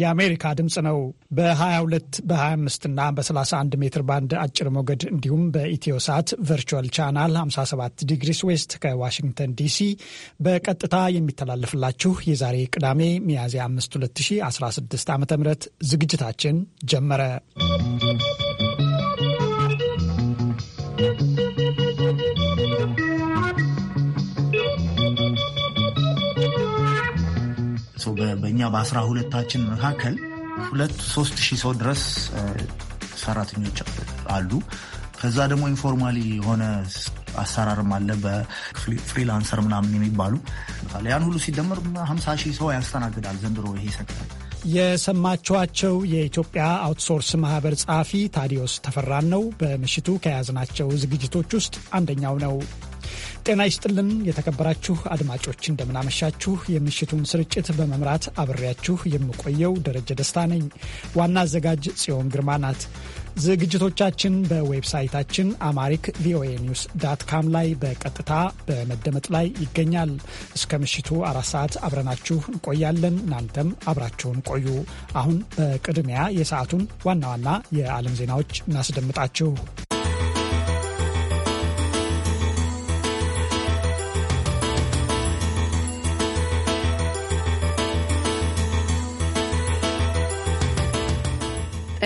የአሜሪካ ድምፅ ነው። በ22 በ25 እና በ31 ሜትር ባንድ አጭር ሞገድ እንዲሁም በኢትዮ ሳት ቨርቹዋል ቻናል 57 ዲግሪስ ዌስት ከዋሽንግተን ዲሲ በቀጥታ የሚተላለፍላችሁ የዛሬ ቅዳሜ ሚያዝያ 5 2016 ዓ ም ዝግጅታችን ጀመረ። በአስራ ሁለታችን መካከል ሁለት ሶስት ሺህ ሰው ድረስ ሰራተኞች አሉ። ከዛ ደግሞ ኢንፎርማሊ የሆነ አሰራርም አለ በፍሪላንሰር ምናምን የሚባሉ ያን ሁሉ ሲደመር ሀምሳ ሺህ ሰው ያስተናግዳል ዘንድሮ ይሄ ሰክተር። የሰማችኋቸው የኢትዮጵያ አውትሶርስ ማህበር ጸሐፊ ታዲዮስ ተፈራን ነው። በምሽቱ ከያዝናቸው ዝግጅቶች ውስጥ አንደኛው ነው። ጤና ይስጥልን የተከበራችሁ አድማጮች፣ እንደምናመሻችሁ። የምሽቱን ስርጭት በመምራት አብሬያችሁ የምቆየው ደረጀ ደስታ ነኝ። ዋና አዘጋጅ ጽዮን ግርማ ናት። ዝግጅቶቻችን በዌብሳይታችን አማሪክ ቪኦኤ ኒውስ ዳት ካም ላይ በቀጥታ በመደመጥ ላይ ይገኛል። እስከ ምሽቱ አራት ሰዓት አብረናችሁ እንቆያለን። እናንተም አብራችሁን ቆዩ። አሁን በቅድሚያ የሰዓቱን ዋና ዋና የዓለም ዜናዎች እናስደምጣችሁ።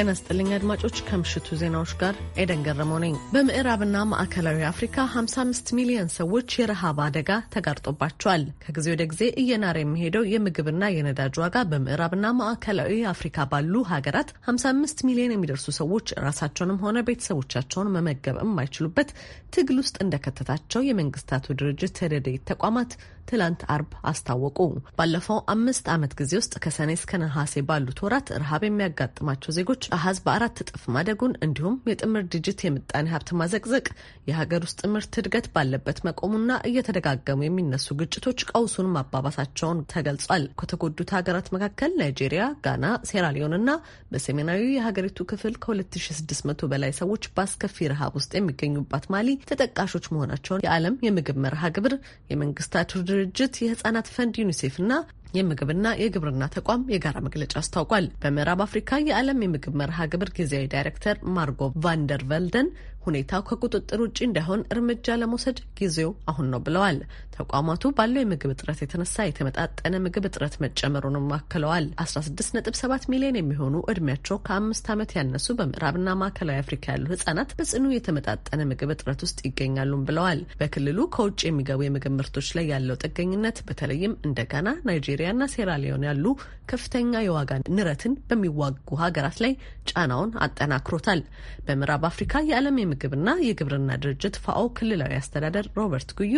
ጤና ይስጥልኝ አድማጮች፣ ከምሽቱ ዜናዎች ጋር ኤደን ገረመው ነኝ። በምዕራብና ማዕከላዊ አፍሪካ 55 ሚሊዮን ሰዎች የረሃብ አደጋ ተጋርጦባቸዋል። ከጊዜ ወደ ጊዜ እየናረ የሚሄደው የምግብና የነዳጅ ዋጋ በምዕራብና ማዕከላዊ አፍሪካ ባሉ ሀገራት 55 ሚሊዮን የሚደርሱ ሰዎች ራሳቸውንም ሆነ ቤተሰቦቻቸውን መመገብ የማይችሉበት ትግል ውስጥ እንደከተታቸው የመንግስታቱ ድርጅት የረድኤት ተቋማት ትላንት አርብ አስታወቁ። ባለፈው አምስት ዓመት ጊዜ ውስጥ ከሰኔ እስከ ነሐሴ ባሉት ወራት ረሃብ የሚያጋጥማቸው ዜጎች አሀዝ በአራት እጥፍ ማደጉን እንዲሁም የጥምር ድርጅት የምጣኔ ሀብት ማዘቅዘቅ የሀገር ውስጥ ምርት እድገት ባለበት መቆሙና እየተደጋገሙ የሚነሱ ግጭቶች ቀውሱን ማባባሳቸውን ተገልጿል። ከተጎዱት ሀገራት መካከል ናይጄሪያ፣ ጋና፣ ሴራሊዮን እና በሰሜናዊ የሀገሪቱ ክፍል ከ2600 በላይ ሰዎች በአስከፊ ረሃብ ውስጥ የሚገኙባት ማሊ ተጠቃሾች መሆናቸውን የዓለም የምግብ መርሃ ግብር የመንግስታቱ ድርጅት የህጻናት ፈንድ ዩኒሴፍ እና የምግብና የግብርና ተቋም የጋራ መግለጫ አስታውቋል። በምዕራብ አፍሪካ የዓለም የምግብ መርሃ ግብር ጊዜያዊ ዳይሬክተር ማርጎ ቫንደር ቨልደን ሁኔታው ከቁጥጥር ውጭ እንዳይሆን እርምጃ ለመውሰድ ጊዜው አሁን ነው ብለዋል። ተቋማቱ ባለው የምግብ እጥረት የተነሳ የተመጣጠነ ምግብ እጥረት መጨመሩንም አክለዋል። 16.7 ሚሊዮን የሚሆኑ እድሜያቸው ከአምስት ዓመት ያነሱ በምዕራብና ማዕከላዊ አፍሪካ ያሉ ህጻናት በጽኑ የተመጣጠነ ምግብ እጥረት ውስጥ ይገኛሉም ብለዋል። በክልሉ ከውጭ የሚገቡ የምግብ ምርቶች ላይ ያለው ጥገኝነት በተለይም እንደ ጋና፣ ናይጄሪያ ናይጄሪያና ሴራሊዮን ያሉ ከፍተኛ የዋጋ ንረትን በሚዋጉ ሀገራት ላይ ጫናውን አጠናክሮታል። በምዕራብ አፍሪካ የዓለም የምግብና የግብርና ድርጅት ፋኦ ክልላዊ አስተዳደር ሮበርት ጉዩ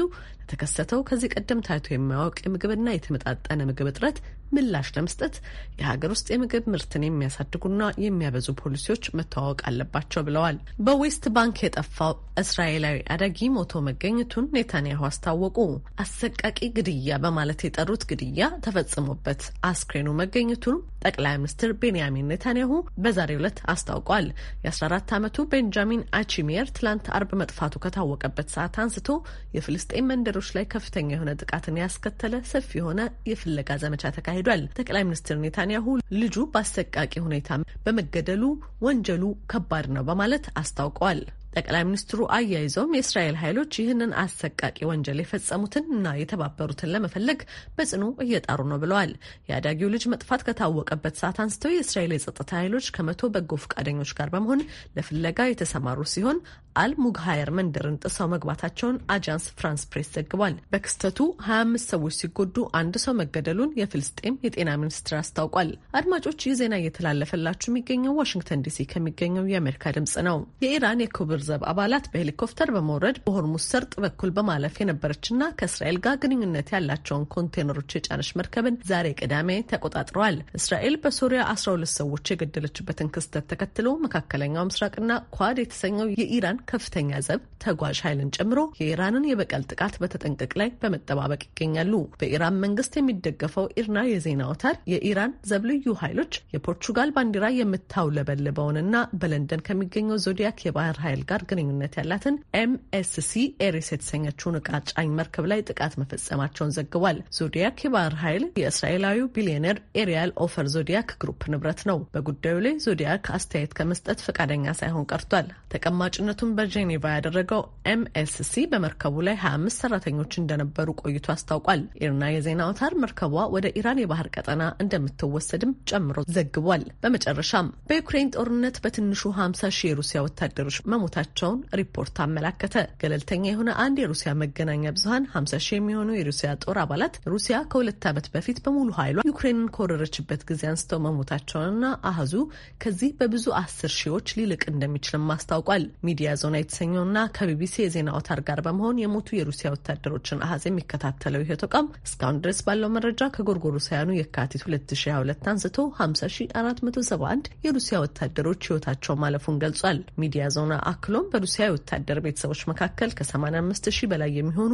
የተከሰተው ከዚህ ቀደም ታይቶ የማያውቅ የምግብና የተመጣጠነ ምግብ እጥረት ምላሽ ለመስጠት የሀገር ውስጥ የምግብ ምርትን የሚያሳድጉና የሚያበዙ ፖሊሲዎች መተዋወቅ አለባቸው ብለዋል። በዌስት ባንክ የጠፋው እስራኤላዊ አዳጊ ሞቶ መገኘቱን ኔታንያሁ አስታወቁ። አሰቃቂ ግድያ በማለት የጠሩት ግድያ ተፈጽሞበት አስክሬኑ መገኘቱን ጠቅላይ ሚኒስትር ቤንያሚን ኔታንያሁ በዛሬው ዕለት አስታውቋል። የ14 ዓመቱ ቤንጃሚን አቺሜር ትላንት አርብ መጥፋቱ ከታወቀበት ሰዓት አንስቶ የፍልስጤን መንደሮች ላይ ከፍተኛ የሆነ ጥቃትን ያስከተለ ሰፊ የሆነ የፍለጋ ዘመቻ ተካሂዷል። ጠቅላይ ሚኒስትር ኔታንያሁ ልጁ በአሰቃቂ ሁኔታ በመገደሉ ወንጀሉ ከባድ ነው በማለት አስታውቀዋል። ጠቅላይ ሚኒስትሩ አያይዘውም የእስራኤል ኃይሎች ይህንን አሰቃቂ ወንጀል የፈጸሙትን እና የተባበሩትን ለመፈለግ በጽኑ እየጣሩ ነው ብለዋል። የአዳጊው ልጅ መጥፋት ከታወቀበት ሰዓት አንስተው የእስራኤል የጸጥታ ኃይሎች ከመቶ በጎ ፈቃደኞች ጋር በመሆን ለፍለጋ የተሰማሩ ሲሆን አል ሙግሃየር መንደርን ጥሰው መግባታቸውን አጃንስ ፍራንስ ፕሬስ ዘግቧል። በክስተቱ 25 ሰዎች ሲጎዱ አንድ ሰው መገደሉን የፍልስጤም የጤና ሚኒስትር አስታውቋል። አድማጮች ይህ ዜና እየተላለፈላችሁ የሚገኘው ዋሽንግተን ዲሲ ከሚገኘው የአሜሪካ ድምጽ ነው። የኢራን የክቡር ዘብ አባላት በሄሊኮፕተር በመውረድ በሆርሙስ ሰርጥ በኩል በማለፍ የነበረችና ከእስራኤል ጋር ግንኙነት ያላቸውን ኮንቴነሮች የጫነች መርከብን ዛሬ ቅዳሜ ተቆጣጥረዋል። እስራኤል በሶሪያ 12 ሰዎች የገደለችበትን ክስተት ተከትሎ መካከለኛው ምስራቅና ኳድ የተሰኘው የኢራን ከፍተኛ ዘብ ተጓዥ ኃይልን ጨምሮ የኢራንን የበቀል ጥቃት በተጠንቀቅ ላይ በመጠባበቅ ይገኛሉ። በኢራን መንግስት የሚደገፈው ኢርና የዜና አውታር የኢራን ዘብ ልዩ ኃይሎች የፖርቹጋል ባንዲራ የምታውለበልበውንና በለንደን ከሚገኘው ዞዲያክ የባህር ኃይል ጋር ግንኙነት ያላትን ኤምኤስሲ ኤሪስ የተሰኘችውን እቃ ጫኝ መርከብ ላይ ጥቃት መፈጸማቸውን ዘግቧል። ዞዲያክ የባህር ኃይል የእስራኤላዊ ቢሊዮነር ኤሪያል ኦፈር ዞዲያክ ግሩፕ ንብረት ነው። በጉዳዩ ላይ ዞዲያክ አስተያየት ከመስጠት ፈቃደኛ ሳይሆን ቀርቷል። ተቀማጭነቱም ስብሰባውን በጄኔቫ ያደረገው ኤምኤስሲ በመርከቡ ላይ 25 ሰራተኞች እንደነበሩ ቆይቶ አስታውቋል። ኢርና የዜና አውታር መርከቧ ወደ ኢራን የባህር ቀጠና እንደምትወሰድም ጨምሮ ዘግቧል። በመጨረሻም በዩክሬን ጦርነት በትንሹ 50 ሺህ የሩሲያ ወታደሮች መሞታቸውን ሪፖርት አመላከተ። ገለልተኛ የሆነ አንድ የሩሲያ መገናኛ ብዙሀን 50 ሺህ የሚሆኑ የሩሲያ ጦር አባላት ሩሲያ ከሁለት ዓመት በፊት በሙሉ ኃይሏ ዩክሬንን ከወረረችበት ጊዜ አንስተው መሞታቸውንና አህዙ ከዚህ በብዙ አስር ሺዎች ሊልቅ እንደሚችልም አስታውቋል። ሚዲያ ዞና የተሰኘውና ከቢቢሲ የዜና አውታር ጋር በመሆን የሞቱ የሩሲያ ወታደሮችን አሀዝ የሚከታተለው ይህ ተቋም እስካሁን ድረስ ባለው መረጃ ከጎርጎሮሳውያኑ የካቲት 2022 አንስቶ 50471 የሩሲያ ወታደሮች ህይወታቸው ማለፉን ገልጿል። ሚዲያ ዞና አክሎም በሩሲያ የወታደር ቤተሰቦች መካከል ከ 85000 በላይ የሚሆኑ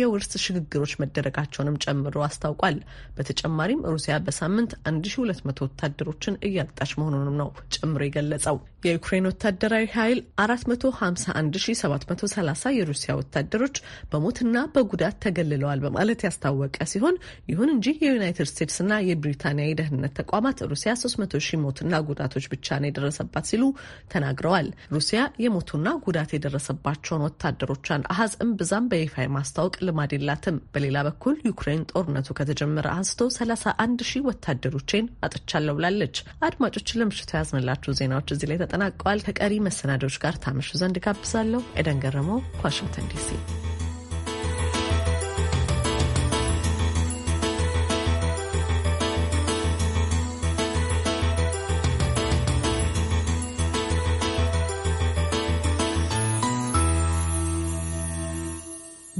የውርስ ሽግግሮች መደረጋቸውንም ጨምሮ አስታውቋል። በተጨማሪም ሩሲያ በሳምንት 1200 ወታደሮችን እያጣች መሆኑንም ነው ጨምሮ የገለጸው። የዩክሬን ወታደራዊ ኃይል 450 51730 የሩሲያ ወታደሮች በሞትና በጉዳት ተገልለዋል በማለት ያስታወቀ ሲሆን ይሁን እንጂ የዩናይትድ ስቴትስና የብሪታንያ የደህንነት ተቋማት ሩሲያ 300 ሞትና ጉዳቶች ብቻ ነው የደረሰባት ሲሉ ተናግረዋል። ሩሲያ የሞቱና ጉዳት የደረሰባቸውን ወታደሮቿን አሀዝ እምብዛም በይፋ የማስታወቅ ልማድ የላትም። በሌላ በኩል ዩክሬን ጦርነቱ ከተጀመረ አንስቶ 31 ሺህ ወታደሮቼን አጥቻለሁ ብላለች። አድማጮች ለምሽቱ ያዝንላችሁ ዜናዎች እዚህ ላይ ተጠናቀዋል። ከቀሪ መሰናዶች ጋር ታመሹ ዘንድ ጋብዛለሁ ኤደን ገረመው ከዋሽንግተን ዲሲ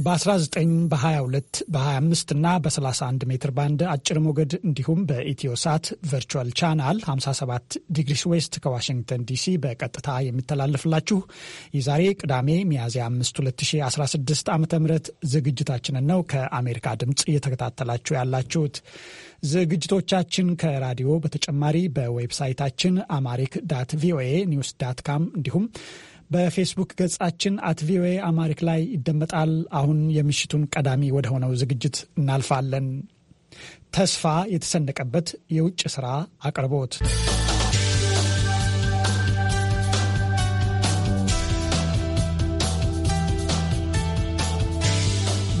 በ19 በ22 በ25 እና በ31 ሜትር ባንድ አጭር ሞገድ እንዲሁም ሳት ቨርቹዋል ቻናል 57 ዲግሪስ ዌስት ከዋሽንግተን ዲሲ በቀጥታ የሚተላለፍላችሁ የዛሬ ቅዳሜ ሚያዝያ 5 2016 ዓ ም ዝግጅታችንን ነው ከአሜሪካ ድምፅ እየተከታተላችሁ ያላችሁት። ዝግጅቶቻችን ከራዲዮ በተጨማሪ በዌብሳይታችን አማሪክ ዳት ቪኦኤ ኒውስ ዳት ካም እንዲሁም በፌስቡክ ገጻችን አት ቪኦኤ አማሪክ ላይ ይደመጣል። አሁን የምሽቱን ቀዳሚ ወደሆነው ዝግጅት እናልፋለን። ተስፋ የተሰነቀበት የውጭ ስራ አቅርቦት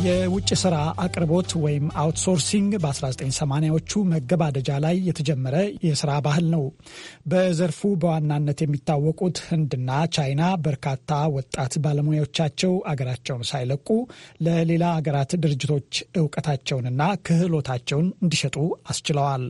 የውጭ ሥራ አቅርቦት ወይም አውትሶርሲንግ በ1980ዎቹ መገባደጃ ላይ የተጀመረ የሥራ ባህል ነው። በዘርፉ በዋናነት የሚታወቁት ህንድና ቻይና በርካታ ወጣት ባለሙያዎቻቸው አገራቸውን ሳይለቁ ለሌላ አገራት ድርጅቶች እውቀታቸውንና ክህሎታቸውን እንዲሸጡ አስችለዋል።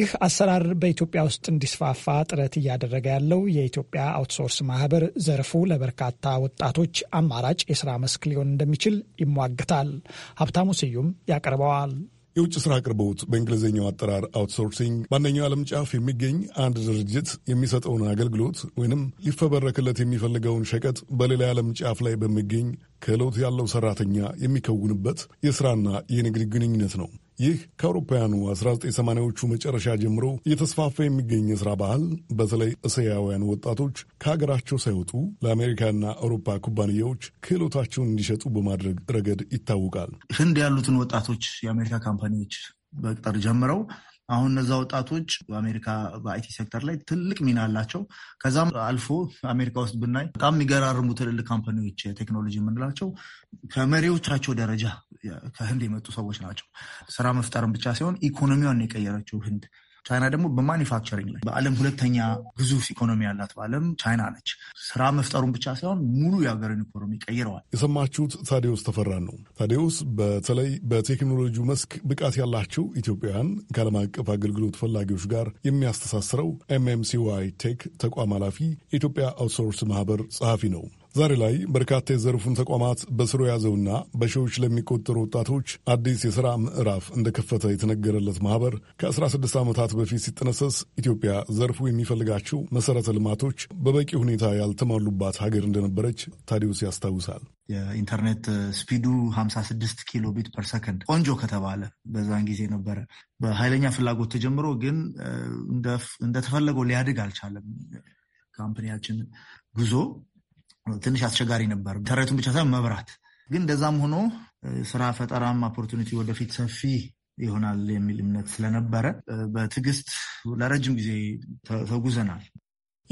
ይህ አሰራር በኢትዮጵያ ውስጥ እንዲስፋፋ ጥረት እያደረገ ያለው የኢትዮጵያ አውትሶርስ ማህበር ዘርፉ ለበርካታ ወጣቶች አማራጭ የሥራ መስክ ሊሆን እንደሚችል ይሟገታል። ይገኛል። ሀብታሙ ስዩም ያቀርበዋል። የውጭ ስራ አቅርቦት በእንግሊዝኛው አጠራር አውትሶርሲንግ በአንደኛው ዓለም ጫፍ የሚገኝ አንድ ድርጅት የሚሰጠውን አገልግሎት ወይንም ሊፈበረክለት የሚፈልገውን ሸቀጥ በሌላ የዓለም ጫፍ ላይ በሚገኝ ክህሎት ያለው ሰራተኛ የሚከውንበት የስራና የንግድ ግንኙነት ነው። ይህ ከአውሮፓውያኑ 1980ዎቹ መጨረሻ ጀምሮ እየተስፋፋ የሚገኝ የሥራ ባህል በተለይ እስያውያን ወጣቶች ከሀገራቸው ሳይወጡ ለአሜሪካና አውሮፓ ኩባንያዎች ክህሎታቸውን እንዲሸጡ በማድረግ ረገድ ይታወቃል። ህንድ ያሉትን ወጣቶች የአሜሪካ ካምፓኒዎች በቅጠር ጀምረው አሁን እነዛ ወጣቶች በአሜሪካ በአይቲ ሴክተር ላይ ትልቅ ሚና አላቸው። ከዛም አልፎ አሜሪካ ውስጥ ብናይ በጣም የሚገራርሙ ትልልቅ ካምፓኒዎች ቴክኖሎጂ የምንላቸው ከመሪዎቻቸው ደረጃ ከህንድ የመጡ ሰዎች ናቸው። ስራ መፍጠርን ብቻ ሳይሆን ኢኮኖሚዋን የቀየረችው ህንድ ቻይና ደግሞ በማኒፋክቸሪንግ ላይ በዓለም ሁለተኛ ግዙፍ ኢኮኖሚ ያላት በዓለም ቻይና ነች። ስራ መፍጠሩን ብቻ ሳይሆን ሙሉ የሀገርን ኢኮኖሚ ቀይረዋል። የሰማችሁት ታዲዮስ ተፈራን ነው። ታዲዮስ በተለይ በቴክኖሎጂ መስክ ብቃት ያላቸው ኢትዮጵያውያን ከዓለም አቀፍ አገልግሎት ፈላጊዎች ጋር የሚያስተሳስረው ኤምኤምሲዋይ ቴክ ተቋም ኃላፊ የኢትዮጵያ አውትሶርስ ማህበር ጸሐፊ ነው። ዛሬ ላይ በርካታ የዘርፉን ተቋማት በስሩ የያዘውና በሺዎች ለሚቆጠሩ ወጣቶች አዲስ የሥራ ምዕራፍ እንደከፈተ የተነገረለት ማኅበር ከ16 ዓመታት በፊት ሲጠነሰስ ኢትዮጵያ ዘርፉ የሚፈልጋቸው መሠረተ ልማቶች በበቂ ሁኔታ ያልተሟሉባት ሀገር እንደነበረች ታዲዮስ ያስታውሳል። የኢንተርኔት ስፒዱ 56 ኪሎ ቢት ፐር ሰከንድ ቆንጆ ከተባለ በዛን ጊዜ ነበረ። በኃይለኛ ፍላጎት ተጀምሮ ግን እንደተፈለገው ሊያድግ አልቻለም። ካምፕኒያችን ጉዞ ትንሽ አስቸጋሪ ነበር። ተረቱን ብቻ ሳይሆን መብራት ግን እንደዛም ሆኖ ስራ ፈጠራም ኦፖርቱኒቲ ወደፊት ሰፊ ይሆናል የሚል እምነት ስለነበረ በትዕግስት ለረጅም ጊዜ ተጉዘናል።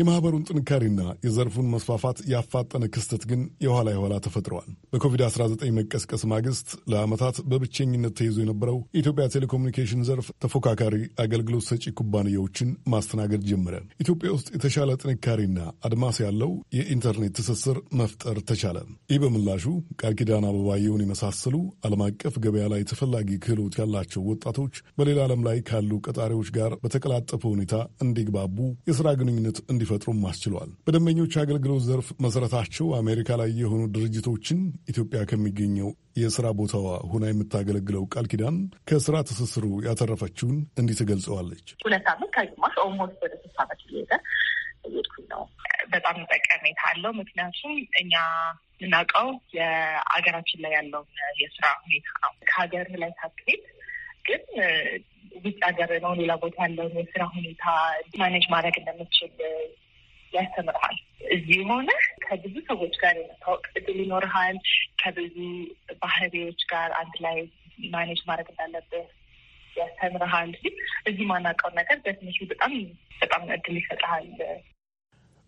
የማኅበሩን ጥንካሬና የዘርፉን መስፋፋት ያፋጠነ ክስተት ግን የኋላ የኋላ ተፈጥረዋል። በኮቪድ-19 መቀስቀስ ማግስት ለዓመታት በብቸኝነት ተይዞ የነበረው የኢትዮጵያ ቴሌኮሙኒኬሽን ዘርፍ ተፎካካሪ አገልግሎት ሰጪ ኩባንያዎችን ማስተናገድ ጀመረ። ኢትዮጵያ ውስጥ የተሻለ ጥንካሬና አድማስ ያለው የኢንተርኔት ትስስር መፍጠር ተቻለ። ይህ በምላሹ ቃል ኪዳን አበባየውን የመሳሰሉ ዓለም አቀፍ ገበያ ላይ ተፈላጊ ክህሎት ያላቸው ወጣቶች በሌላ ዓለም ላይ ካሉ ቀጣሪዎች ጋር በተቀላጠፈ ሁኔታ እንዲግባቡ የሥራ ግንኙነት እንዲ እንዲፈጥሩም አስችሏል። በደንበኞች አገልግሎት ዘርፍ መሰረታቸው አሜሪካ ላይ የሆኑ ድርጅቶችን ኢትዮጵያ ከሚገኘው የስራ ቦታዋ ሆና የምታገለግለው ቃል ኪዳን ከስራ ትስስሩ ያተረፈችውን እንዲህ ትገልጸዋለች። ዓመት በጣም ጠቀሜታ አለው። ምክንያቱም እኛ የምናውቀው የአገራችን ላይ ያለውን የስራ ሁኔታ ነው። ከሀገር ላይ ሳትሄድ ግን ውጭ ሀገር ነው ሌላ ቦታ ያለውን የስራ ሁኔታ ማኔጅ ማድረግ እንደምችል ያስተምርሃል። እዚህ ሆነ ከብዙ ሰዎች ጋር የመታወቅ እድል ይኖርሃል። ከብዙ ባህሪዎች ጋር አንድ ላይ ማኔጅ ማድረግ እንዳለብህ ያስተምርሃል። እዚህ ማናውቀው ነገር በትንሹ በጣም በጣም እድል ይሰጥሃል።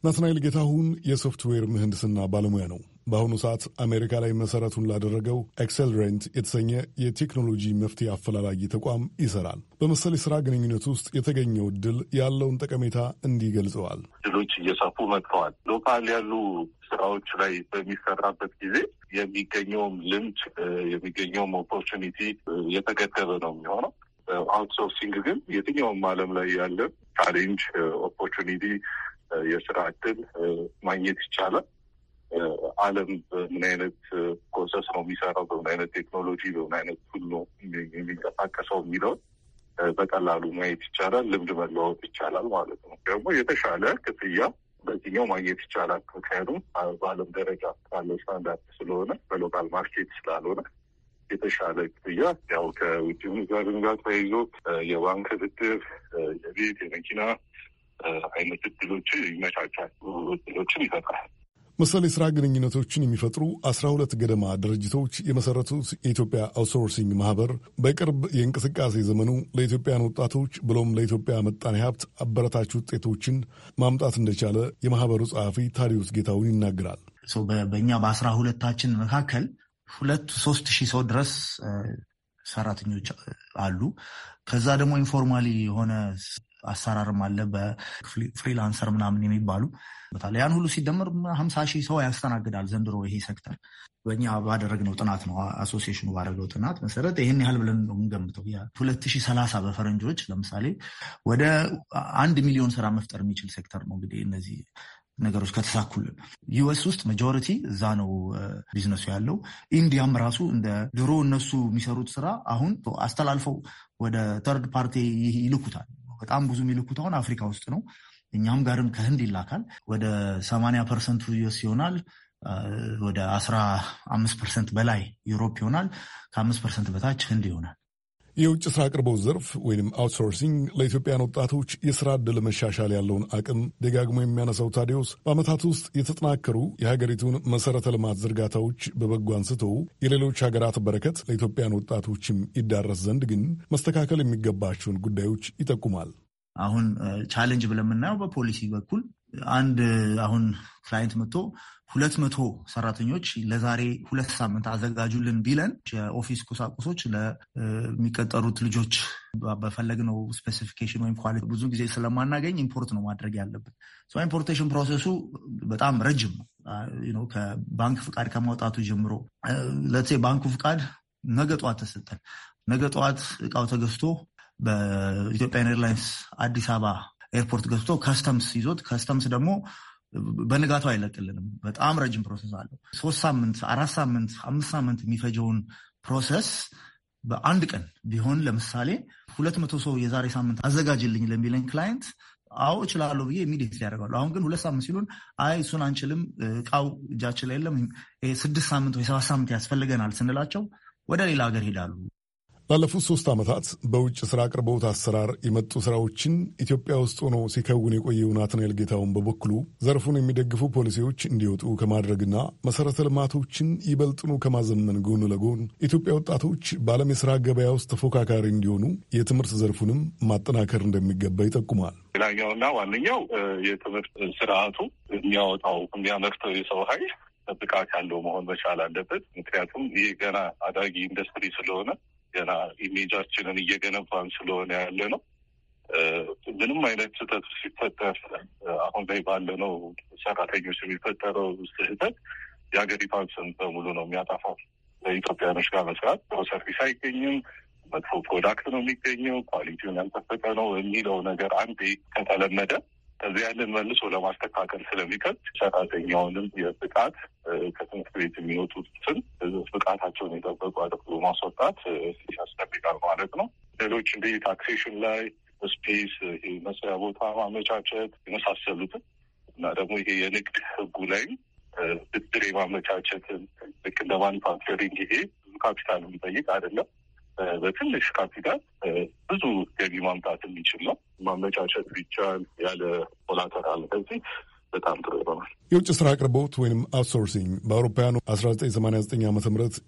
ናትናኤል ጌታሁን የሶፍትዌር ምህንድስና ባለሙያ ነው። በአሁኑ ሰዓት አሜሪካ ላይ መሰረቱን ላደረገው ኤክሰልሬንት የተሰኘ የቴክኖሎጂ መፍትሄ አፈላላጊ ተቋም ይሰራል። በመሰል የስራ ግንኙነት ውስጥ የተገኘው እድል ያለውን ጠቀሜታ እንዲህ ገልጸዋል። እድሎች እየሰፉ መጥተዋል። ሎካል ያሉ ስራዎች ላይ በሚሰራበት ጊዜ የሚገኘውም ልምድ የሚገኘውም ኦፖርቹኒቲ የተገደበ ነው የሚሆነው። አውትሶርሲንግ ግን የትኛውም ዓለም ላይ ያለ ቻሌንጅ ኦፖርቹኒቲ የስራ እድል ማግኘት ይቻላል። ዓለም በምን አይነት ፕሮሰስ ነው የሚሰራው፣ በምን አይነት ቴክኖሎጂ፣ በምን አይነት ሁሉ የሚንቀሳቀሰው የሚለውን በቀላሉ ማየት ይቻላል። ልምድ መለዋወጥ ይቻላል ማለት ነው። ደግሞ የተሻለ ክፍያ በዚህኛው ማግኘት ይቻላል። ምክንያቱም በዓለም ደረጃ ካለው ስታንዳርድ ስለሆነ በሎካል ማርኬት ስላልሆነ የተሻለ ክፍያ ያው ከውጭ ምንዛሪም ጋር ተያይዞ የባንክ ብድር፣ የቤት፣ የመኪና አይነት እድሎች ይመቻቻል፣ እድሎችን ይፈጥራል። መሰል የሥራ ግንኙነቶችን የሚፈጥሩ 12 ገደማ ድርጅቶች የመሠረቱት የኢትዮጵያ አውትሶርሲንግ ማኅበር በቅርብ የእንቅስቃሴ ዘመኑ ለኢትዮጵያን ወጣቶች ብሎም ለኢትዮጵያ መጣኔ ሀብት አበረታች ውጤቶችን ማምጣት እንደቻለ የማኅበሩ ጸሐፊ ታዲዮስ ጌታውን ይናገራል። በእኛ በአስራ ሁለታችን መካከል ሁለት ሶስት ሺህ ሰው ድረስ ሰራተኞች አሉ። ከዛ ደግሞ ኢንፎርማሊ የሆነ አሰራርም አለ በፍሪላንሰር ምናምን የሚባሉ ያን ሁሉ ሲደመር ሀምሳ ሺህ ሰው ያስተናግዳል ዘንድሮ ይሄ ሴክተር። በእኛ ባደረግነው ጥናት ነው አሶሲሽኑ ባደረገው ጥናት መሰረት ይህን ያህል ብለን ነው የምንገምተው። ሁለት ሺህ ሰላሳ በፈረንጆች ለምሳሌ ወደ አንድ ሚሊዮን ስራ መፍጠር የሚችል ሴክተር ነው እንግዲህ እነዚህ ነገሮች ከተሳኩልን ዩኤስ ውስጥ መጆሪቲ እዛ ነው ቢዝነሱ ያለው። ኢንዲያም ራሱ እንደ ድሮ እነሱ የሚሰሩት ስራ አሁን አስተላልፈው ወደ ተርድ ፓርቲ ይልኩታል። በጣም ብዙ የሚልኩት አሁን አፍሪካ ውስጥ ነው። እኛም ጋርም ከህንድ ይላካል። ወደ ሰማንያ ፐርሰንቱ ዩስ ይሆናል። ወደ አስራ አምስት ፐርሰንት በላይ ዩሮፕ ይሆናል። ከአምስት ፐርሰንት በታች ህንድ ይሆናል። የውጭ ስራ አቅርቦት ዘርፍ ወይም አውትሶርሲንግ ለኢትዮጵያን ወጣቶች የስራ ዕድል መሻሻል ያለውን አቅም ደጋግሞ የሚያነሳው ታዲዮስ በዓመታት ውስጥ የተጠናከሩ የሀገሪቱን መሰረተ ልማት ዝርጋታዎች በበጎ አንስቶ የሌሎች ሀገራት በረከት ለኢትዮጵያን ወጣቶችም ይዳረስ ዘንድ ግን መስተካከል የሚገባቸውን ጉዳዮች ይጠቁማል። አሁን ቻሌንጅ ብለን የምናየው በፖሊሲ በኩል አንድ አሁን ክላይንት መጥቶ ሁለት መቶ ሰራተኞች ለዛሬ ሁለት ሳምንት አዘጋጁልን ቢለን የኦፊስ ቁሳቁሶች ለሚቀጠሩት ልጆች በፈለግነው ስፔሲፊኬሽን ወይም ኳሊቲ ብዙ ጊዜ ስለማናገኝ ኢምፖርት ነው ማድረግ ያለብን። ኢምፖርቴሽን ፕሮሰሱ በጣም ረጅም ነው። ከባንክ ፍቃድ ከማውጣቱ ጀምሮ ለሴ ባንኩ ፍቃድ ነገ ጠዋት ተሰጠን። ነገ ጠዋት እቃው ተገዝቶ በኢትዮጵያን ኤርላይንስ አዲስ አበባ ኤርፖርት ገዝቶ ከስተምስ ይዞት ከስተምስ ደግሞ በንጋቱ አይለቅልንም። በጣም ረጅም ፕሮሰስ አለው። ሶስት ሳምንት፣ አራት ሳምንት፣ አምስት ሳምንት የሚፈጀውን ፕሮሰስ በአንድ ቀን ቢሆን ለምሳሌ ሁለት መቶ ሰው የዛሬ ሳምንት አዘጋጅልኝ ለሚለን ክላይንት አዎ እችላለሁ ብዬ ኢሚዲየት ያደርጋሉ። አሁን ግን ሁለት ሳምንት ሲሉን አይ እሱን አንችልም፣ እቃው እጃችን ላይ የለም፣ ስድስት ሳምንት ወይ ሰባት ሳምንት ያስፈልገናል ስንላቸው ወደ ሌላ ሀገር ሄዳሉ። ላለፉት ሶስት ዓመታት በውጭ ሥራ አቅርቦት አሰራር የመጡ ሥራዎችን ኢትዮጵያ ውስጥ ሆኖ ሲከውን የቆየው ናትናኤል ጌታውን በበኩሉ ዘርፉን የሚደግፉ ፖሊሲዎች እንዲወጡ ከማድረግና መሠረተ ልማቶችን ይበልጥኑ ከማዘመን ጎን ለጎን ኢትዮጵያ ወጣቶች በዓለም የሥራ ገበያ ውስጥ ተፎካካሪ እንዲሆኑ የትምህርት ዘርፉንም ማጠናከር እንደሚገባ ይጠቁማል። ሌላኛውና ዋነኛው የትምህርት ስርዓቱ የሚያወጣው የሚያመርተው የሰው ኃይል ብቃት ያለው መሆን መቻል አለበት። ምክንያቱም ይህ ገና አዳጊ ኢንዱስትሪ ስለሆነ ገና ኢሜጃችንን እየገነባን ስለሆነ ያለ ነው። ምንም አይነት ስህተት ሲፈጠር አሁን ላይ ባለነው ሰራተኞች የሚፈጠረው ስህተት የሀገሪቷን ስም በሙሉ ነው የሚያጠፋው። ለኢትዮጵያኖች ጋር መስራት ጥሩ ሰርቪስ አይገኝም፣ መጥፎ ፕሮዳክት ነው የሚገኘው፣ ኳሊቲውን ያልጠበቀ ነው የሚለው ነገር አንዴ ከተለመደ ከዚህ ያለን መልሶ ለማስተካከል ስለሚከብድ ሰራተኛውንም የብቃት ከትምህርት ቤት የሚወጡትን ብቃታቸውን የጠበቁ አድርጎ ማስወጣት ያስጠብቃል ማለት ነው። ሌሎች እንደ ታክሴሽን ላይ ስፔስ፣ መስሪያ ቦታ ማመቻቸት የመሳሰሉትን እና ደግሞ ይሄ የንግድ ህጉ ላይም ብድር የማመቻቸትን ልክ እንደ ማኒፋክቸሪንግ ይሄ ብዙ ካፒታል የሚጠይቅ አይደለም። በትንሽ ካፒታል ብዙ ገቢ ማምጣት የሚችል ነው። ማመቻቸት ቢቻል ያለ ኮላተራል ከዚህ በጣም ጥሩ ይሆናል። የውጭ ስራ አቅርቦት ወይም አውትሶርሲንግ በአውሮፓውያኑ 1989 ዓ ም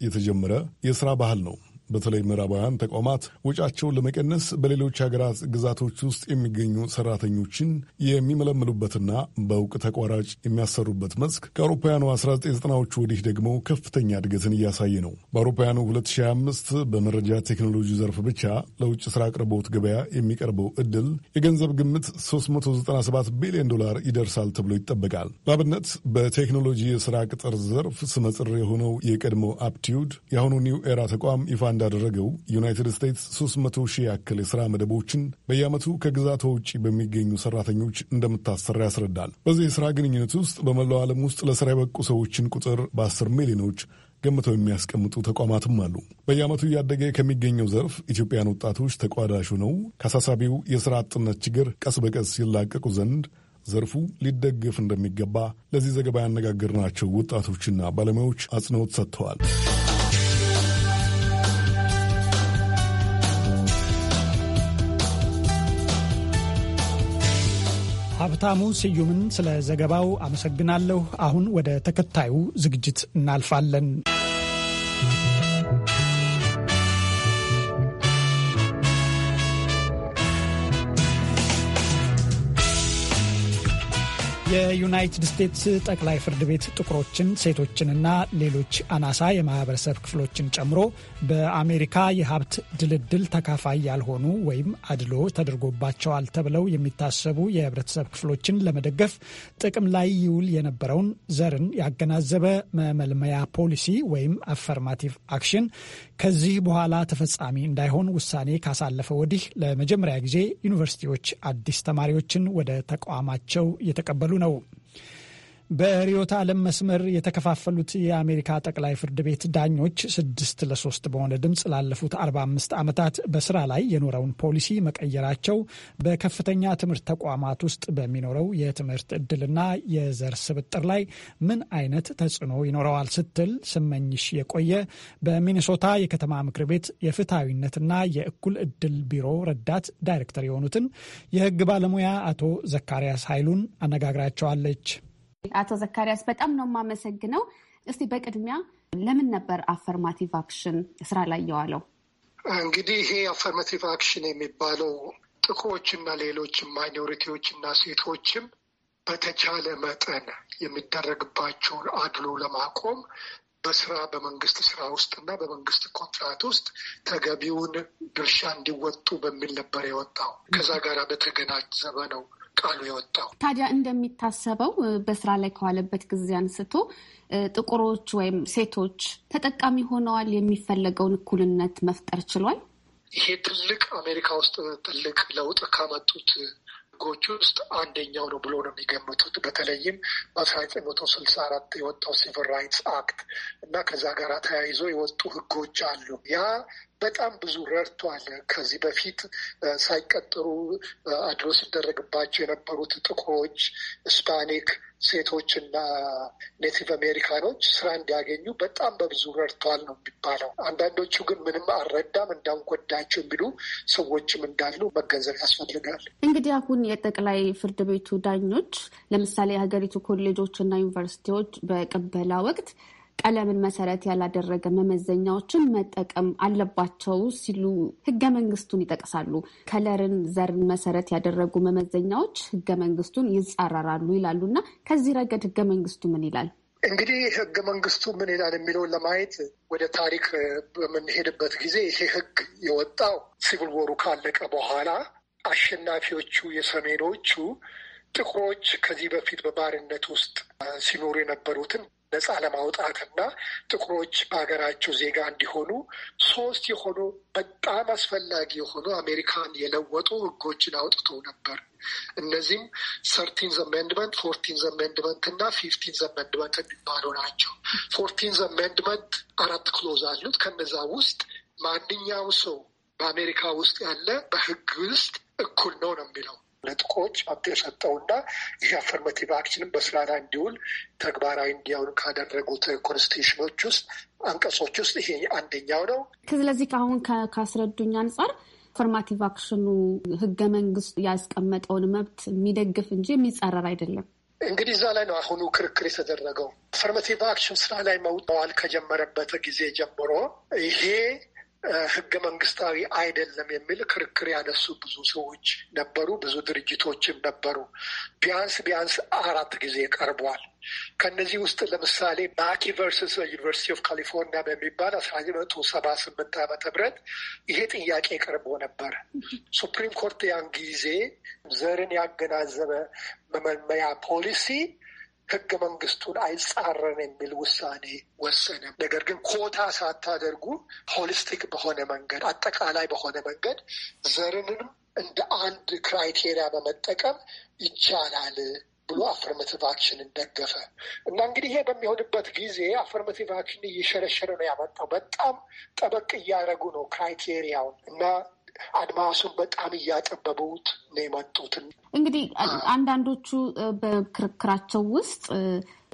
የተጀመረ የስራ ባህል ነው። በተለይ ምዕራባውያን ተቋማት ወጪያቸውን ለመቀነስ በሌሎች ሀገራት ግዛቶች ውስጥ የሚገኙ ሰራተኞችን የሚመለምሉበትና በእውቅ ተቋራጭ የሚያሰሩበት መስክ ከአውሮፓውያኑ 1990ዎቹ ወዲህ ደግሞ ከፍተኛ እድገትን እያሳየ ነው። በአውሮፓውያኑ 2025 በመረጃ ቴክኖሎጂ ዘርፍ ብቻ ለውጭ ስራ አቅርቦት ገበያ የሚቀርበው ዕድል የገንዘብ ግምት 397 ቢሊዮን ዶላር ይደርሳል ተብሎ ይጠበቃል። በአብነት በቴክኖሎጂ የስራ ቅጥር ዘርፍ ስመጥር የሆነው የቀድሞ አፕቲዩድ የአሁኑ ኒው ኤራ ተቋም ይፋ እንዳደረገው ዩናይትድ ስቴትስ 300 ሺህ ያክል የሥራ መደቦችን በየዓመቱ ከግዛቷ ውጭ በሚገኙ ሠራተኞች እንደምታሰራ ያስረዳል። በዚህ የሥራ ግንኙነት ውስጥ በመላው ዓለም ውስጥ ለሥራ የበቁ ሰዎችን ቁጥር በአስር ሚሊዮኖች ገምተው የሚያስቀምጡ ተቋማትም አሉ። በየዓመቱ እያደገ ከሚገኘው ዘርፍ ኢትዮጵያን ወጣቶች ተቋዳሹ ነው ከአሳሳቢው የሥራ አጥነት ችግር ቀስ በቀስ ይላቀቁ ዘንድ ዘርፉ ሊደገፍ እንደሚገባ ለዚህ ዘገባ ያነጋገርናቸው ወጣቶችና ባለሙያዎች አጽንኦት ሰጥተዋል። ሀብታሙ ስዩምን ስለ ዘገባው አመሰግናለሁ። አሁን ወደ ተከታዩ ዝግጅት እናልፋለን። የዩናይትድ ስቴትስ ጠቅላይ ፍርድ ቤት ጥቁሮችን፣ ሴቶችንና ሌሎች አናሳ የማህበረሰብ ክፍሎችን ጨምሮ በአሜሪካ የሀብት ድልድል ተካፋይ ያልሆኑ ወይም አድሎ ተደርጎባቸዋል ተብለው የሚታሰቡ የህብረተሰብ ክፍሎችን ለመደገፍ ጥቅም ላይ ይውል የነበረውን ዘርን ያገናዘበ መመልመያ ፖሊሲ ወይም አፈርማቲቭ አክሽን ከዚህ በኋላ ተፈጻሚ እንዳይሆን ውሳኔ ካሳለፈ ወዲህ ለመጀመሪያ ጊዜ ዩኒቨርሲቲዎች አዲስ ተማሪዎችን ወደ ተቋማቸው እየተቀበሉ ነው። በርዕዮተ ዓለም መስመር የተከፋፈሉት የአሜሪካ ጠቅላይ ፍርድ ቤት ዳኞች ስድስት ለሶስት በሆነ ድምፅ ላለፉት አርባ አምስት ዓመታት በስራ ላይ የኖረውን ፖሊሲ መቀየራቸው በከፍተኛ ትምህርት ተቋማት ውስጥ በሚኖረው የትምህርት እድልና የዘር ስብጥር ላይ ምን አይነት ተጽዕኖ ይኖረዋል ስትል ስመኝሽ የቆየ በሚኒሶታ የከተማ ምክር ቤት የፍትሐዊነትና የእኩል እድል ቢሮ ረዳት ዳይሬክተር የሆኑትን የህግ ባለሙያ አቶ ዘካሪያስ ኃይሉን አነጋግራቸዋለች። አቶ ዘካሪያስ በጣም ነው የማመሰግነው። እስቲ በቅድሚያ ለምን ነበር አፈርማቲቭ አክሽን ስራ ላይ የዋለው? እንግዲህ ይሄ አፈርማቲቭ አክሽን የሚባለው ጥቁሮች እና ሌሎችም ማይኖሪቲዎች እና ሴቶችም በተቻለ መጠን የሚደረግባቸውን አድሎ ለማቆም በስራ በመንግስት ስራ ውስጥ እና በመንግስት ኮንትራት ውስጥ ተገቢውን ድርሻ እንዲወጡ በሚል ነበር የወጣው። ከዛ ጋር በተገናዘበ ነው ቃሉ የወጣው። ታዲያ እንደሚታሰበው በስራ ላይ ከዋለበት ጊዜ አንስቶ ጥቁሮች ወይም ሴቶች ተጠቃሚ ሆነዋል? የሚፈለገውን እኩልነት መፍጠር ችሏል? ይሄ ትልቅ አሜሪካ ውስጥ ትልቅ ለውጥ ካመጡት ህጎች ውስጥ አንደኛው ነው ብሎ ነው የሚገምቱት። በተለይም በአስራ ዘጠኝ መቶ ስልሳ አራት የወጣው ሲቪል ራይትስ አክት እና ከዛ ጋር ተያይዞ የወጡ ህጎች አሉ። ያ በጣም ብዙ ረድተዋል። ከዚህ በፊት ሳይቀጥሩ አድሮ ሲደረግባቸው የነበሩት ጥቁሮች፣ ስፓኒክ ሴቶች እና ኔቲቭ አሜሪካኖች ስራ እንዲያገኙ በጣም በብዙ ረድተዋል ነው የሚባለው። አንዳንዶቹ ግን ምንም አልረዳም እንዳንጎዳቸው የሚሉ ሰዎችም እንዳሉ መገንዘብ ያስፈልጋል። እንግዲህ አሁን የጠቅላይ ፍርድ ቤቱ ዳኞች ለምሳሌ የሀገሪቱ ኮሌጆች እና ዩኒቨርሲቲዎች በቅበላ ወቅት ቀለምን መሰረት ያላደረገ መመዘኛዎችን መጠቀም አለባቸው ሲሉ ህገ መንግስቱን ይጠቅሳሉ። ከለርን፣ ዘርን መሰረት ያደረጉ መመዘኛዎች ህገ መንግስቱን ይጻረራሉ ይላሉ እና ከዚህ ረገድ ህገ መንግስቱ ምን ይላል? እንግዲህ ህገ መንግስቱ ምን ይላል የሚለውን ለማየት ወደ ታሪክ በምንሄድበት ጊዜ ይሄ ህግ የወጣው ሲቪል ወሩ ካለቀ በኋላ አሸናፊዎቹ የሰሜኖቹ ጥቁሮች ከዚህ በፊት በባርነት ውስጥ ሲኖሩ የነበሩትን ነፃ ለማውጣትና ጥቁሮች በሀገራቸው ዜጋ እንዲሆኑ ሶስት የሆኑ በጣም አስፈላጊ የሆኑ አሜሪካን የለወጡ ህጎችን አውጥቶ ነበር። እነዚህም ሰርቲን አሜንድመንት፣ ፎርቲን አሜንድመንት እና ፊፍቲን አሜንድመንት የሚባሉ ናቸው። ፎርቲን አሜንድመንት አራት ክሎዝ አሉት። ከነዛ ውስጥ ማንኛውም ሰው በአሜሪካ ውስጥ ያለ በህግ ውስጥ እኩል ነው ነው የሚለው ነጥቆች መብት የሰጠውና ይህ አፈርማቲቭ አክሽንም በስራ ላይ እንዲውል ተግባራዊ እንዲያውን ካደረጉት ኮንስቲቱሽኖች ውስጥ አንቀጾች ውስጥ ይሄ አንደኛው ነው። ስለዚህ አሁን ካስረዱኝ አንጻር አፈርማቲቭ አክሽኑ ህገ መንግስቱ ያስቀመጠውን መብት የሚደግፍ እንጂ የሚጻረር አይደለም። እንግዲህ እዛ ላይ ነው አሁኑ ክርክር የተደረገው። አፈርማቲቭ አክሽን ስራ ላይ መዋል ከጀመረበት ጊዜ ጀምሮ ይሄ ህገ መንግስታዊ አይደለም የሚል ክርክር ያነሱ ብዙ ሰዎች ነበሩ፣ ብዙ ድርጅቶችም ነበሩ። ቢያንስ ቢያንስ አራት ጊዜ ቀርቧል። ከነዚህ ውስጥ ለምሳሌ ማኪ ቨርስስ ዩኒቨርሲቲ ኦፍ ካሊፎርኒያ በሚባል አስራ ዘጠኝ መቶ ሰባ ስምንት ዓመተ ምህረት ይሄ ጥያቄ ቀርቦ ነበር። ሱፕሪም ኮርት ያን ጊዜ ዘርን ያገናዘበ መመልመያ ፖሊሲ ህገ መንግስቱን አይጻረን የሚል ውሳኔ ወሰነ። ነገር ግን ኮታ ሳታደርጉ ሆሊስቲክ በሆነ መንገድ አጠቃላይ በሆነ መንገድ ዘርንም እንደ አንድ ክራይቴሪያ በመጠቀም ይቻላል ብሎ አፈርማቲቭ አክሽንን ደገፈ እና እንግዲህ ይሄ በሚሆንበት ጊዜ አፈርማቲቭ አክሽን እየሸረሸረ ነው ያመጣው። በጣም ጠበቅ እያደረጉ ነው ክራይቴሪያውን እና አድማሱን በጣም እያጠበቡት ነው የመጡትን። እንግዲህ አንዳንዶቹ በክርክራቸው ውስጥ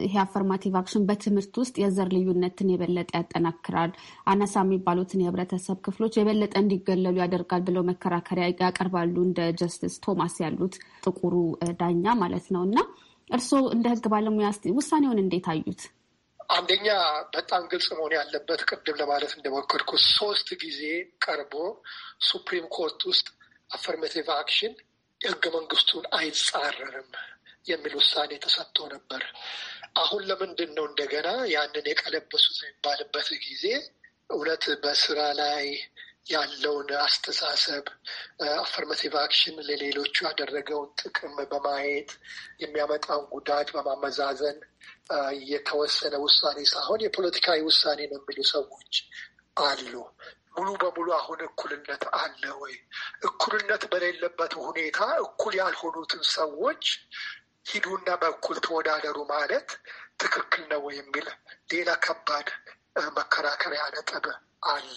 ይሄ አፈርማቲቭ አክሽን በትምህርት ውስጥ የዘር ልዩነትን የበለጠ ያጠናክራል፣ አነሳ የሚባሉትን የህብረተሰብ ክፍሎች የበለጠ እንዲገለሉ ያደርጋል ብለው መከራከሪያ ያቀርባሉ። እንደ ጀስቲስ ቶማስ ያሉት ጥቁሩ ዳኛ ማለት ነው። እና እርስዎ እንደ ህግ ባለሙያ ውሳኔውን እንዴት አዩት? አንደኛ በጣም ግልጽ መሆን ያለበት ቅድም ለማለት እንደሞከርኩት ሶስት ጊዜ ቀርቦ ሱፕሪም ኮርት ውስጥ አፈርሜቲቭ አክሽን የህገ መንግስቱን አይጻረርም የሚል ውሳኔ ተሰጥቶ ነበር። አሁን ለምንድን ነው እንደገና ያንን የቀለበሱት የሚባልበት ጊዜ እውነት በስራ ላይ ያለውን አስተሳሰብ አፈርማቲቭ አክሽን ለሌሎቹ ያደረገውን ጥቅም በማየት የሚያመጣውን ጉዳት በማመዛዘን የተወሰነ ውሳኔ ሳይሆን የፖለቲካዊ ውሳኔ ነው የሚሉ ሰዎች አሉ። ሙሉ በሙሉ አሁን እኩልነት አለ ወይ? እኩልነት በሌለበት ሁኔታ እኩል ያልሆኑትን ሰዎች ሂዱና በእኩል ተወዳደሩ ማለት ትክክል ነው የሚል ሌላ ከባድ መከራከሪያ ነጥብ አለ።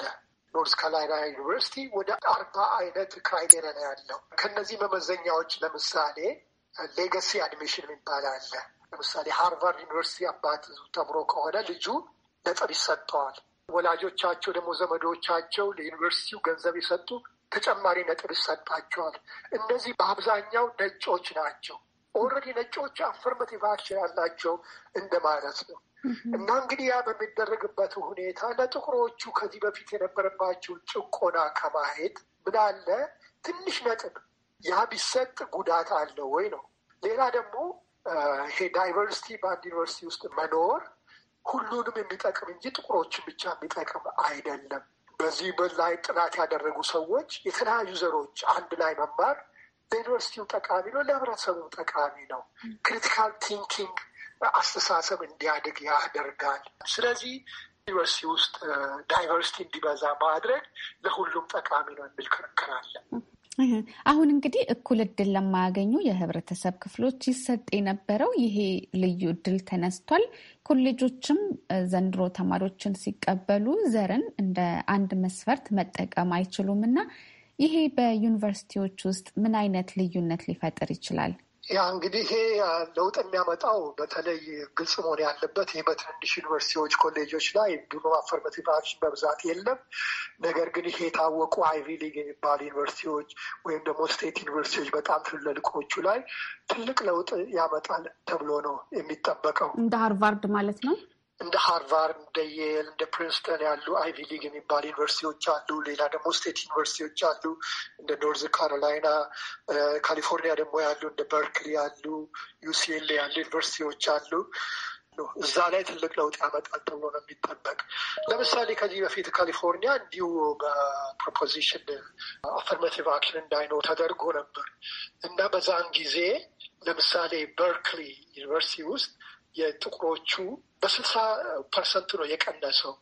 ኖርዝ ካሮላይና ዩኒቨርሲቲ ወደ አርባ አይነት ክራይቴሪያ ነው ያለው። ከነዚህ መመዘኛዎች ለምሳሌ ሌገሲ አድሚሽን የሚባል አለ። ለምሳሌ ሃርቫርድ ዩኒቨርሲቲ አባት ተምሮ ከሆነ ልጁ ነጥብ ይሰጠዋል። ወላጆቻቸው ደግሞ ዘመዶቻቸው ለዩኒቨርሲቲው ገንዘብ የሰጡ ተጨማሪ ነጥብ ይሰጣቸዋል። እነዚህ በአብዛኛው ነጮች ናቸው። ኦልሬዲ ነጮች አፈርማቲቭ አክሽን ያላቸው እንደማለት ነው። እና እንግዲህ ያ በሚደረግበት ሁኔታ ለጥቁሮቹ ከዚህ በፊት የነበረባቸውን ጭቆና ከማሄድ ምናለ ትንሽ ነጥብ ያ ቢሰጥ ጉዳት አለው ወይ ነው። ሌላ ደግሞ ይሄ ዳይቨርሲቲ በአንድ ዩኒቨርሲቲ ውስጥ መኖር ሁሉንም የሚጠቅም እንጂ ጥቁሮችን ብቻ የሚጠቅም አይደለም። በዚህ ላይ ጥናት ያደረጉ ሰዎች የተለያዩ ዘሮች አንድ ላይ መማር ለዩኒቨርሲቲው ጠቃሚ ነው፣ ለህብረተሰቡ ጠቃሚ ነው። ክሪቲካል ቲንኪንግ አስተሳሰብ እንዲያድግ ያደርጋል። ስለዚህ ዩኒቨርሲቲ ውስጥ ዳይቨርሲቲ እንዲበዛ ማድረግ ለሁሉም ጠቃሚ ነው የሚል ክርክር አለ። አሁን እንግዲህ እኩል እድል ለማያገኙ የህብረተሰብ ክፍሎች ይሰጥ የነበረው ይሄ ልዩ እድል ተነስቷል። ኮሌጆችም ዘንድሮ ተማሪዎችን ሲቀበሉ ዘርን እንደ አንድ መስፈርት መጠቀም አይችሉም እና ይሄ በዩኒቨርሲቲዎች ውስጥ ምን አይነት ልዩነት ሊፈጥር ይችላል? ያ እንግዲህ ይሄ ለውጥ የሚያመጣው በተለይ ግልጽ መሆን ያለበት ይህ በትንንሽ ዩኒቨርሲቲዎች፣ ኮሌጆች ላይ ዲፕሎማ ፋርማሲ በብዛት የለም። ነገር ግን ይሄ የታወቁ አይቪ ሊግ የሚባሉ ዩኒቨርሲቲዎች ወይም ደግሞ ስቴት ዩኒቨርሲቲዎች በጣም ትልልቆቹ ላይ ትልቅ ለውጥ ያመጣል ተብሎ ነው የሚጠበቀው እንደ ሃርቫርድ ማለት ነው። እንደ ሃርቫርድ፣ እንደ የል፣ እንደ ፕሪንስተን ያሉ አይቪ ሊግ የሚባል ዩኒቨርሲቲዎች አሉ። ሌላ ደግሞ ስቴት ዩኒቨርሲቲዎች አሉ፣ እንደ ኖርዝ ካሮላይና። ካሊፎርኒያ ደግሞ ያሉ እንደ በርክሊ ያሉ፣ ዩሲኤል ያሉ ዩኒቨርሲቲዎች አሉ። እዛ ላይ ትልቅ ለውጥ ያመጣል ተብሎ ነው የሚጠበቅ። ለምሳሌ ከዚህ በፊት ካሊፎርኒያ እንዲሁ በፕሮፖዚሽን አፈርማቲቭ አክሽን እንዳይኖር ተደርጎ ነበር እና በዛን ጊዜ ለምሳሌ በርክሊ ዩኒቨርሲቲ ውስጥ የጥቁሮቹ በስልሳ ፐርሰንት ነው የቀነሰው።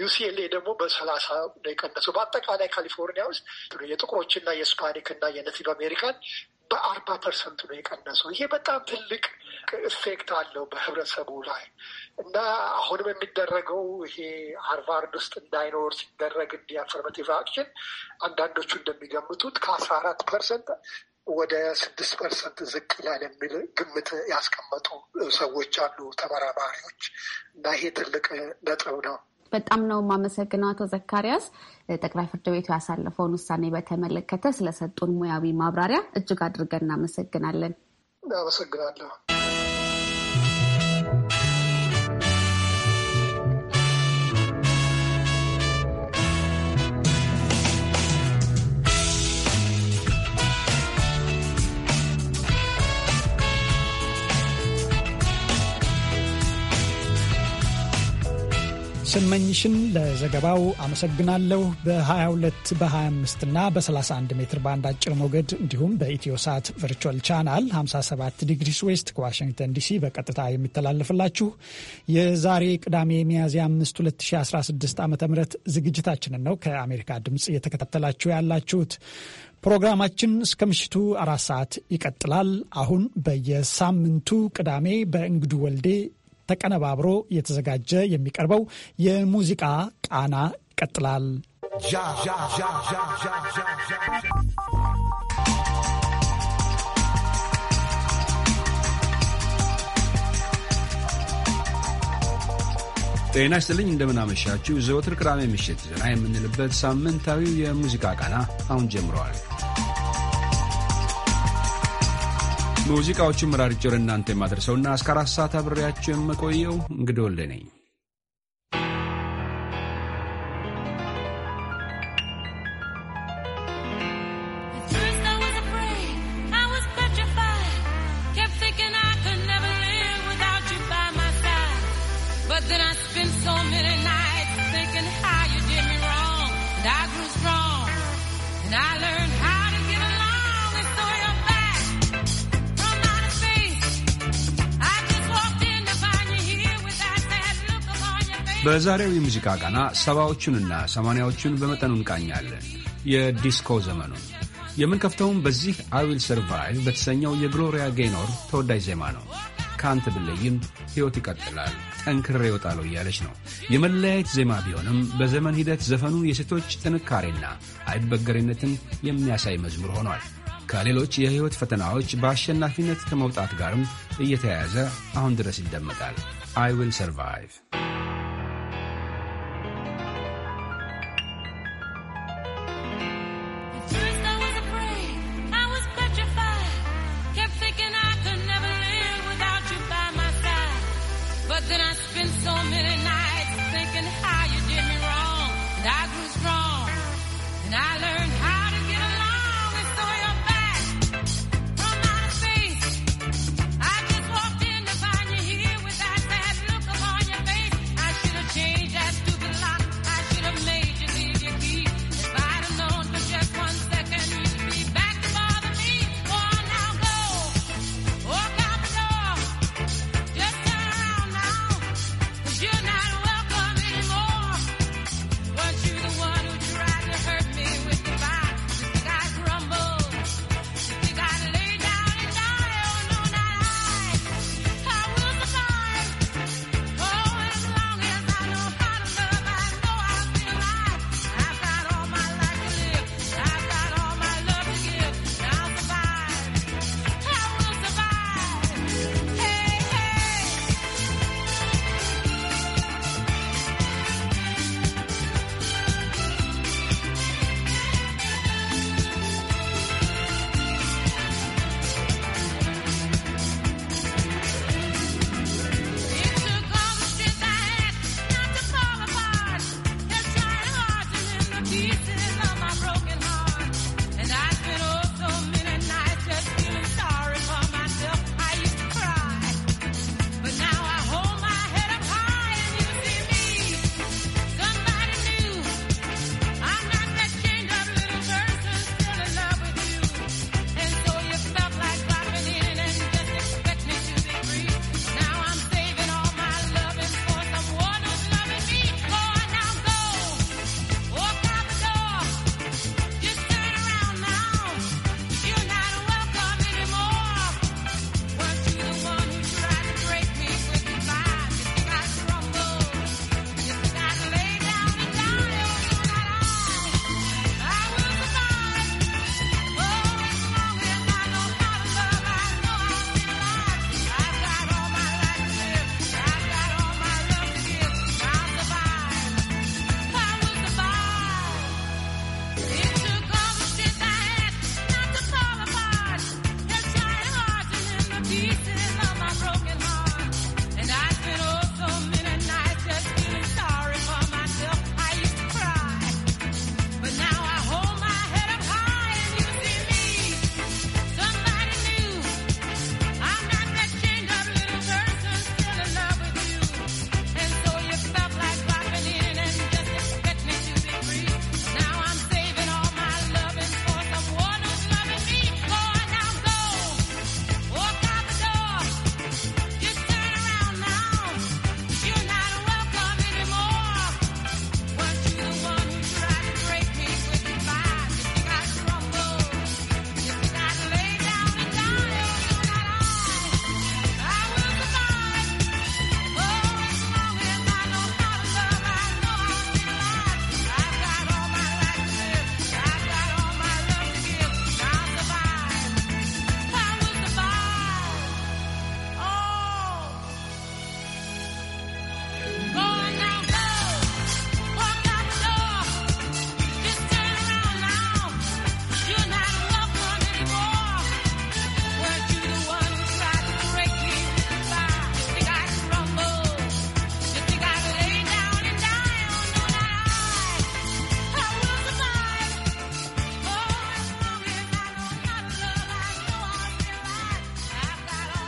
ዩሲኤልኤ ደግሞ በሰላሳ ነው የቀነሰው። በአጠቃላይ ካሊፎርኒያ ውስጥ የጥቁሮችና የስፓኒክ እና የነቲቭ አሜሪካን በአርባ ፐርሰንት ነው የቀነሰው። ይሄ በጣም ትልቅ ኢፌክት አለው በህብረተሰቡ ላይ እና አሁንም የሚደረገው ይሄ ሃርቫርድ ውስጥ እንዳይኖር ሲደረግ እንዲ አፈርማቲቭ አክሽን አንዳንዶቹ እንደሚገምቱት ከአስራ አራት ፐርሰንት ወደ ስድስት ፐርሰንት ዝቅ ይላል የሚል ግምት ያስቀመጡ ሰዎች አሉ፣ ተመራማሪዎች እና ይሄ ትልቅ ነጥብ ነው። በጣም ነው የማመሰግነው አቶ ዘካሪያስ ጠቅላይ ፍርድ ቤቱ ያሳለፈውን ውሳኔ በተመለከተ ስለሰጡን ሙያዊ ማብራሪያ እጅግ አድርገን እናመሰግናለን። እናመሰግናለሁ። ስመኝሽን ለዘገባው አመሰግናለሁ። በ22 በ25 እና በ31 ሜትር ባንድ አጭር ሞገድ እንዲሁም በኢትዮ ሳት ቨርቹዋል ቻናል 57 ዲግሪስ ዌስት ከዋሽንግተን ዲሲ በቀጥታ የሚተላለፍላችሁ የዛሬ ቅዳሜ ሚያዝያ 5 2016 ዓ ም ዝግጅታችንን ነው ከአሜሪካ ድምፅ እየተከታተላችሁ ያላችሁት። ፕሮግራማችን እስከ ምሽቱ አራት ሰዓት ይቀጥላል። አሁን በየሳምንቱ ቅዳሜ በእንግዱ ወልዴ ተቀነባብሮ እየተዘጋጀ የሚቀርበው የሙዚቃ ቃና ይቀጥላል። ጤና ይስጥልኝ፣ እንደምናመሻችሁ። ዘወትር ቅዳሜ ምሽት ዘና የምንልበት ሳምንታዊው የሙዚቃ ቃና አሁን ጀምረዋል። ሙዚቃዎቹን መራርጭር ለእናንተ የማደርሰውና እስከ አራት ሰዓት አብሬያቸው የምቆየው እንግዲህ ወልደ ነኝ። በዛሬው የሙዚቃ ቃና ሰባዎቹንና ሰማንያዎቹን በመጠኑ እንቃኛለን። የዲስኮ ዘመኑን የምንከፍተውም በዚህ አዊል ሰርቫይቭ በተሰኘው የግሎሪያ ጌኖር ተወዳጅ ዜማ ነው። ከአንተ ብለይም ሕይወት ይቀጥላል ጠንክሬ ይወጣለሁ እያለች ነው። የመለያየት ዜማ ቢሆንም በዘመን ሂደት ዘፈኑ የሴቶች ጥንካሬና አይበገሬነትን የሚያሳይ መዝሙር ሆኗል። ከሌሎች የሕይወት ፈተናዎች በአሸናፊነት ከመውጣት ጋርም እየተያያዘ አሁን ድረስ ይደመጣል። አይዊል ሰርቫይቭ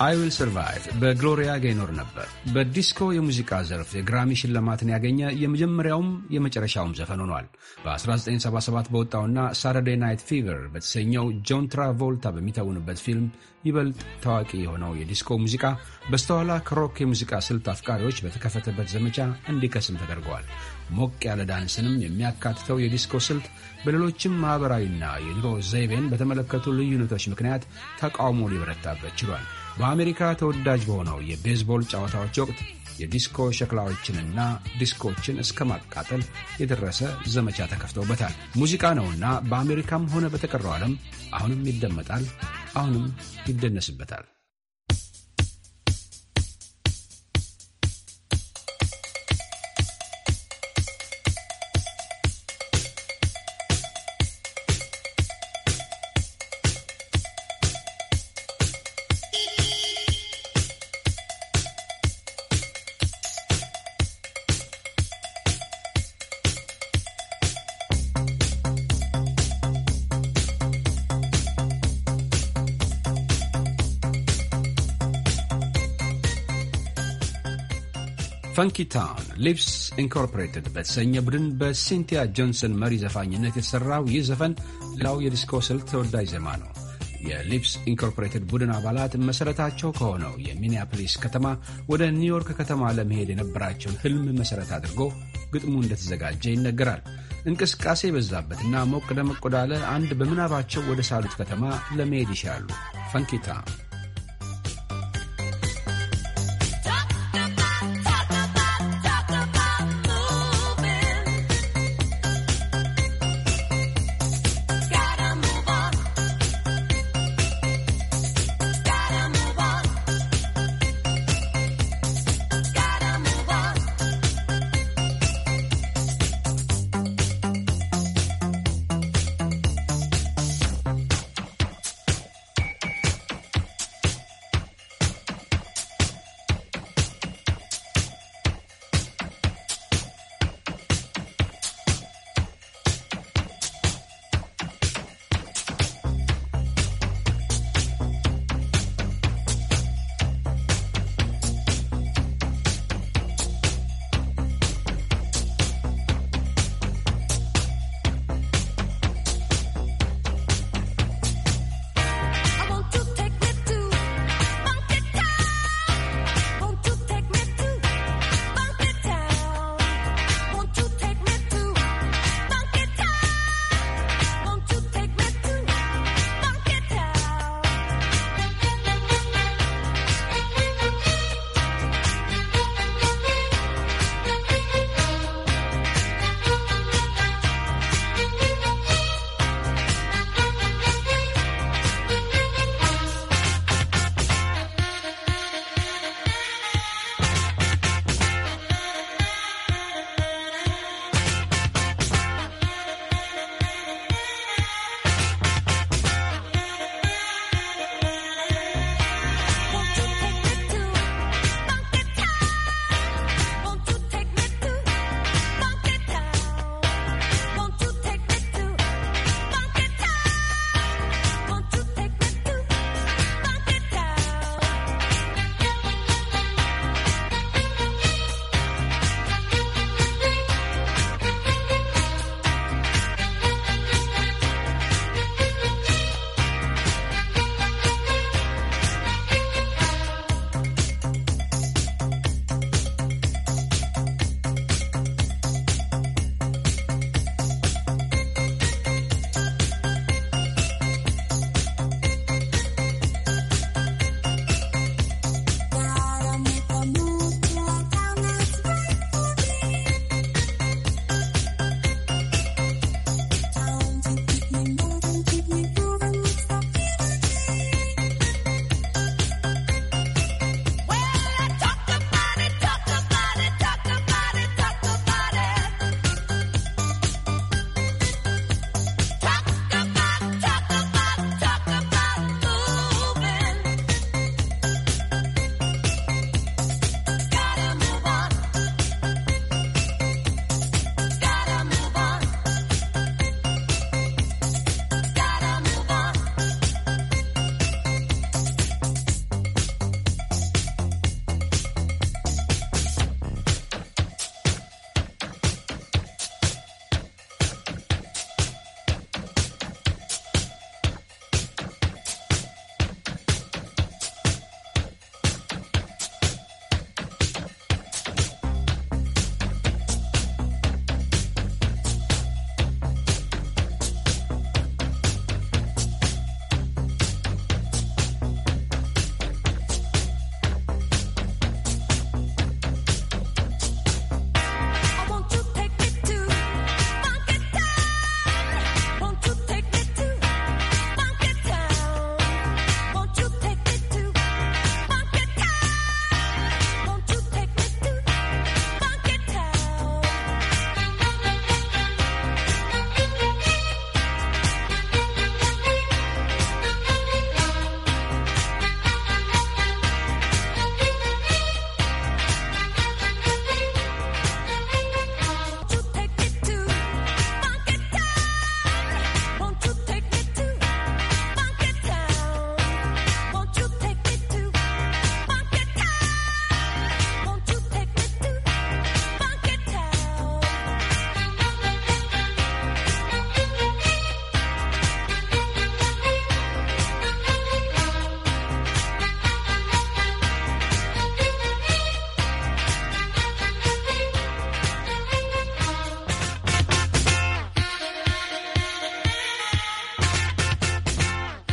አይ ዊል ሰርቫይቭ በግሎሪያ ጋይኖር ነበር። በዲስኮ የሙዚቃ ዘርፍ የግራሚ ሽልማትን ያገኘ የመጀመሪያውም የመጨረሻውም ዘፈን ሆኗል። በ1977 በወጣውና ሳተርዴ ናይት ፊቨር በተሰኘው ጆን ትራቮልታ በሚተውንበት ፊልም ይበልጥ ታዋቂ የሆነው የዲስኮ ሙዚቃ በስተኋላ ከሮክ የሙዚቃ ስልት አፍቃሪዎች በተከፈተበት ዘመቻ እንዲከስም ተደርገዋል። ሞቅ ያለ ዳንስንም የሚያካትተው የዲስኮ ስልት በሌሎችም ማኅበራዊና የኑሮ ዘይቤን በተመለከቱ ልዩነቶች ምክንያት ተቃውሞ ሊበረታበት ችሏል። በአሜሪካ ተወዳጅ በሆነው የቤዝቦል ጨዋታዎች ወቅት የዲስኮ ሸክላዎችንና ዲስኮችን እስከ ማቃጠል የደረሰ ዘመቻ ተከፍተውበታል። ሙዚቃ ነውና በአሜሪካም ሆነ በተቀረው ዓለም አሁንም ይደመጣል፣ አሁንም ይደነስበታል። ፈንኪ ታውን ሊፕስ ኢንኮርፖሬትድ በተሰኘ ቡድን በሲንቲያ ጆንሰን መሪ ዘፋኝነት የተሰራው ይህ ዘፈን ሌላው የዲስኮ ስልት ተወዳጅ ዜማ ነው። የሊፕስ ኢንኮርፖሬትድ ቡድን አባላት መሠረታቸው ከሆነው የሚኒያፖሊስ ከተማ ወደ ኒውዮርክ ከተማ ለመሄድ የነበራቸውን ሕልም መሠረት አድርጎ ግጥሙ እንደተዘጋጀ ይነገራል። እንቅስቃሴ የበዛበትና ሞቅ ደመቅ ወዳለ አንድ በምናባቸው ወደ ሳሉት ከተማ ለመሄድ ይሻሉ ፈንኪ ታውን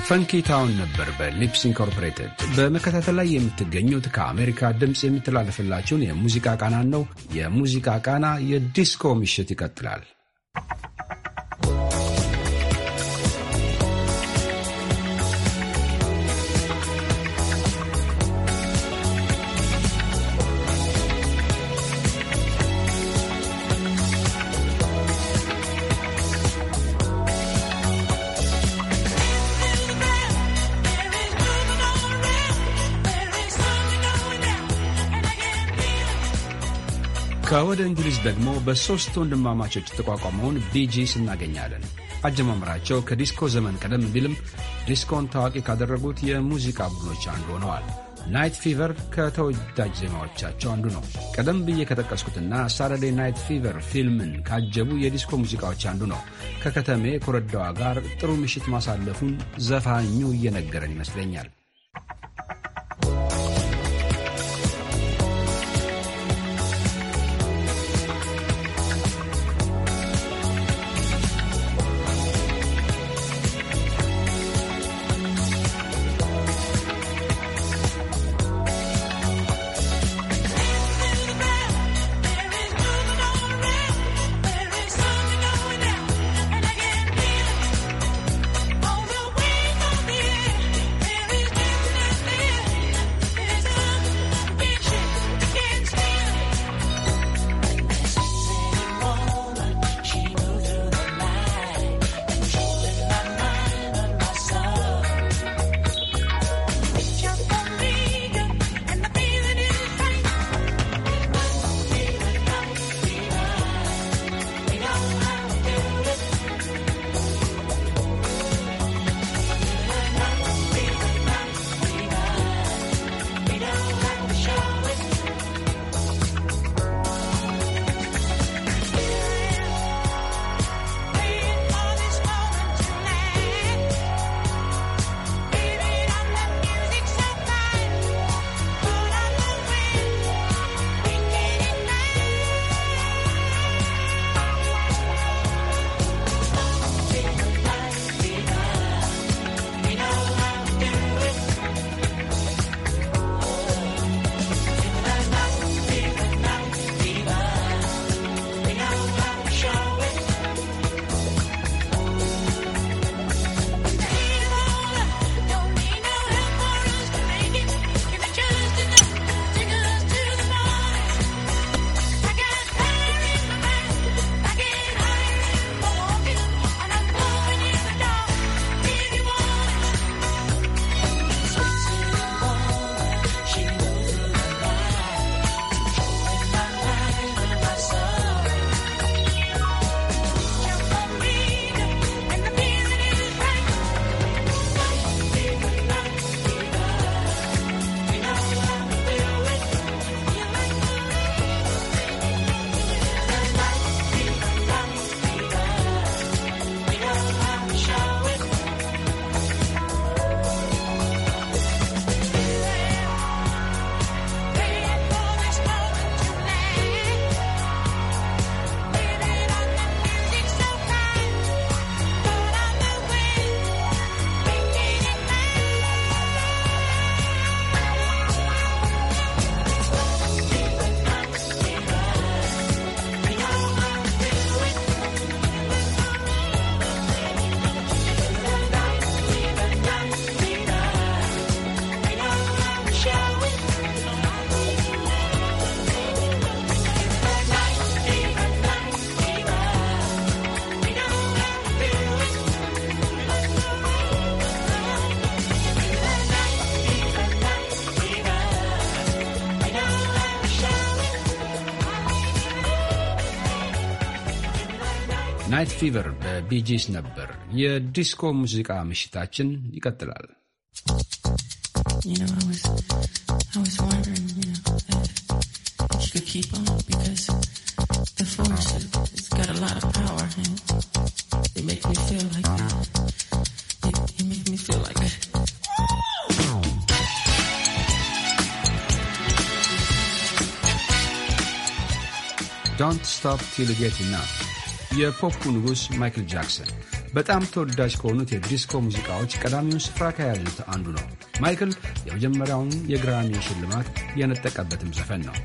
ፈንኪ ታውን ነበር በሊፕስ ኢንኮርፖሬትድ በመከታተል ላይ የምትገኙት ከአሜሪካ ድምፅ የሚተላለፍላችሁን የሙዚቃ ቃናን ነው። የሙዚቃ ቃና የዲስኮ ምሽት ይቀጥላል። ከወደ እንግሊዝ ደግሞ በሦስት ወንድማማቾች የተቋቋመውን ቢጂስ እናገኛለን። አጀማመራቸው ከዲስኮ ዘመን ቀደም ቢልም ዲስኮን ታዋቂ ካደረጉት የሙዚቃ ቡድኖች አንዱ ሆነዋል። ናይት ፊቨር ከተወዳጅ ዜማዎቻቸው አንዱ ነው። ቀደም ብዬ ከጠቀስኩትና ሳተርዴ ናይት ፊቨር ፊልምን ካጀቡ የዲስኮ ሙዚቃዎች አንዱ ነው። ከከተሜ ኮረዳዋ ጋር ጥሩ ምሽት ማሳለፉን ዘፋኙ እየነገረን ይመስለኛል። ፊቨር በቢጂስ ነበር። የዲስኮ ሙዚቃ ምሽታችን ይቀጥላል። Don't stop till you get enough. የፖፑ ንጉሥ ማይክል ጃክሰን በጣም ተወዳጅ ከሆኑት የዲስኮ ሙዚቃዎች ቀዳሚውን ስፍራ ከያዙት አንዱ ነው። ማይክል የመጀመሪያውን የግራሚ ሽልማት የነጠቀበትም ዘፈን ነው።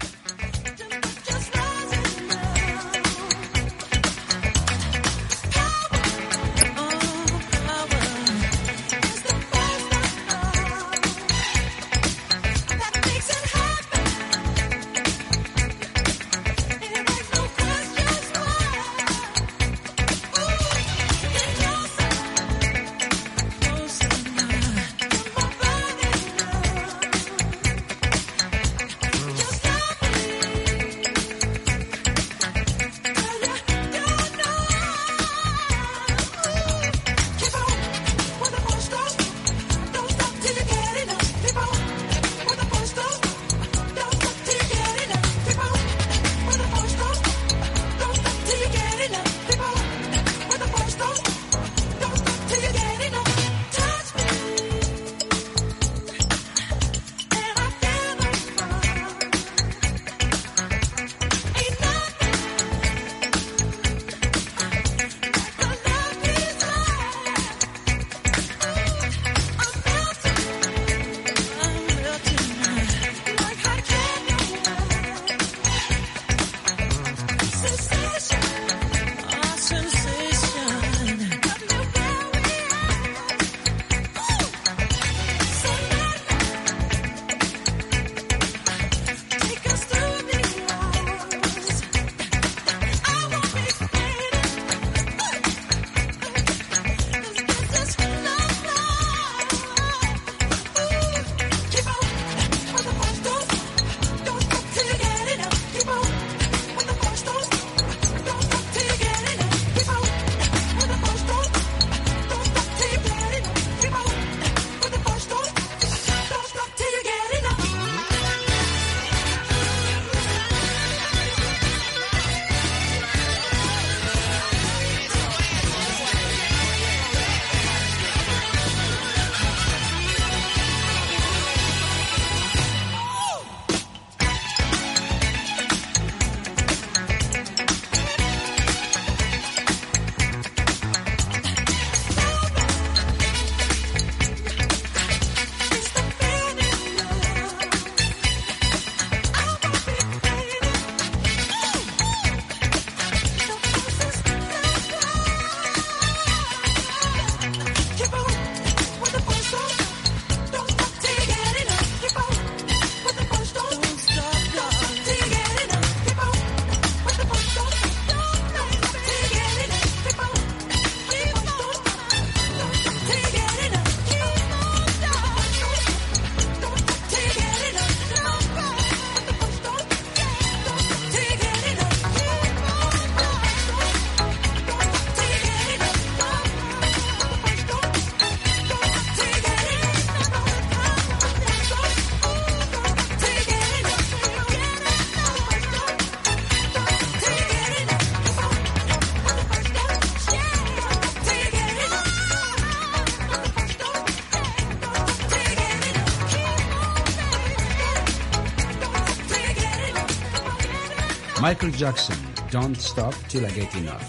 ማይክል ጃክሰን ዶንት ስቶፕ ቲል አይ ጌት ኢናፍ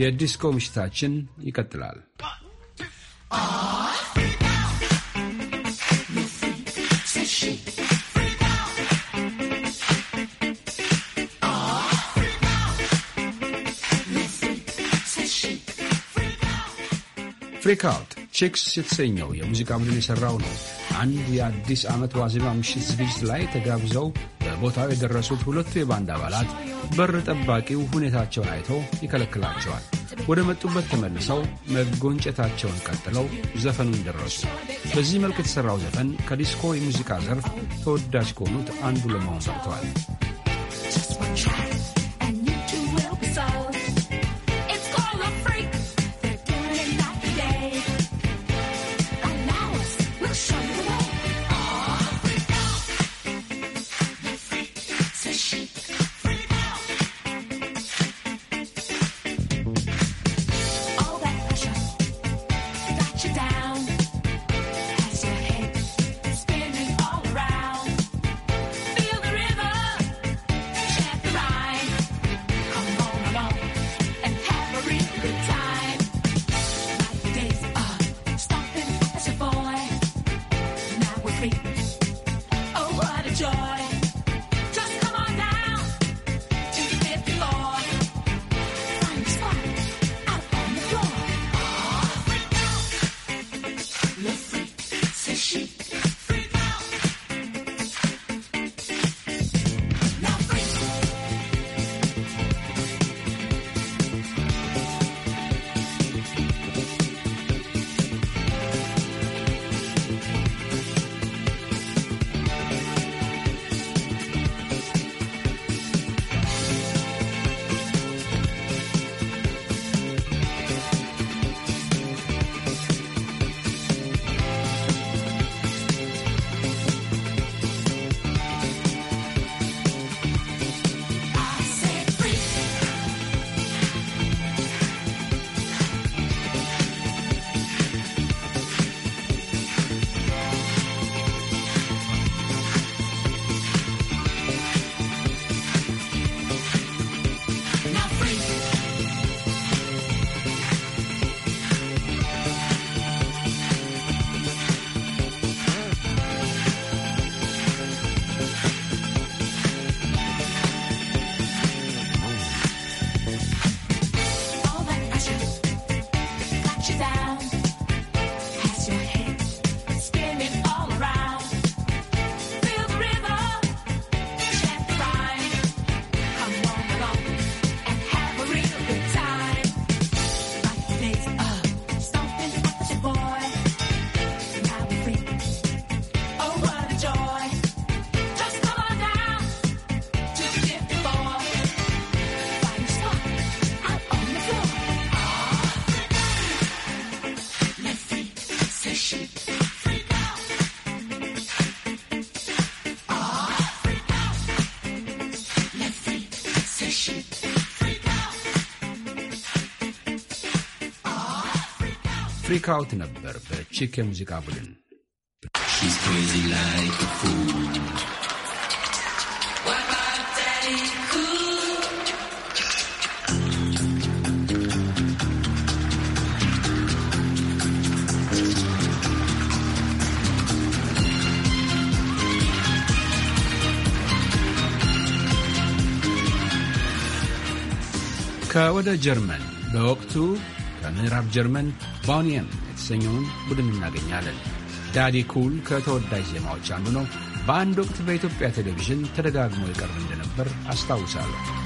የዲስኮ ምሽታችን ይቀጥላል። ፍሪክ አውት ቺክስ የተሰኘው የሙዚቃ ቡድን የሠራው ነው። አንድ የአዲስ ዓመት ዋዜማ ምሽት ዝግጅት ላይ ተጋብዘው በቦታው የደረሱት ሁለቱ የባንድ አባላት በር ጠባቂው ሁኔታቸውን አይቶ ይከለክላቸዋል። ወደ መጡበት ተመልሰው መጎንጨታቸውን ቀጥለው ዘፈኑን ደረሱ። በዚህ መልክ የተሠራው ዘፈን ከዲስኮ የሙዚቃ ዘርፍ ተወዳጅ ከሆኑት አንዱ ለመሆን ሰርተዋል። ቼክአውት ነበር በቼክ የሙዚቃ ቡድን ከወደ ጀርመን በወቅቱ ከምዕራብ ጀርመን ባኒየን የተሰኘውን ቡድን እናገኛለን። ዳዲ ኩል ከተወዳጅ ዜማዎች አንዱ ነው። በአንድ ወቅት በኢትዮጵያ ቴሌቪዥን ተደጋግሞ ይቀርብ እንደነበር አስታውሳለሁ።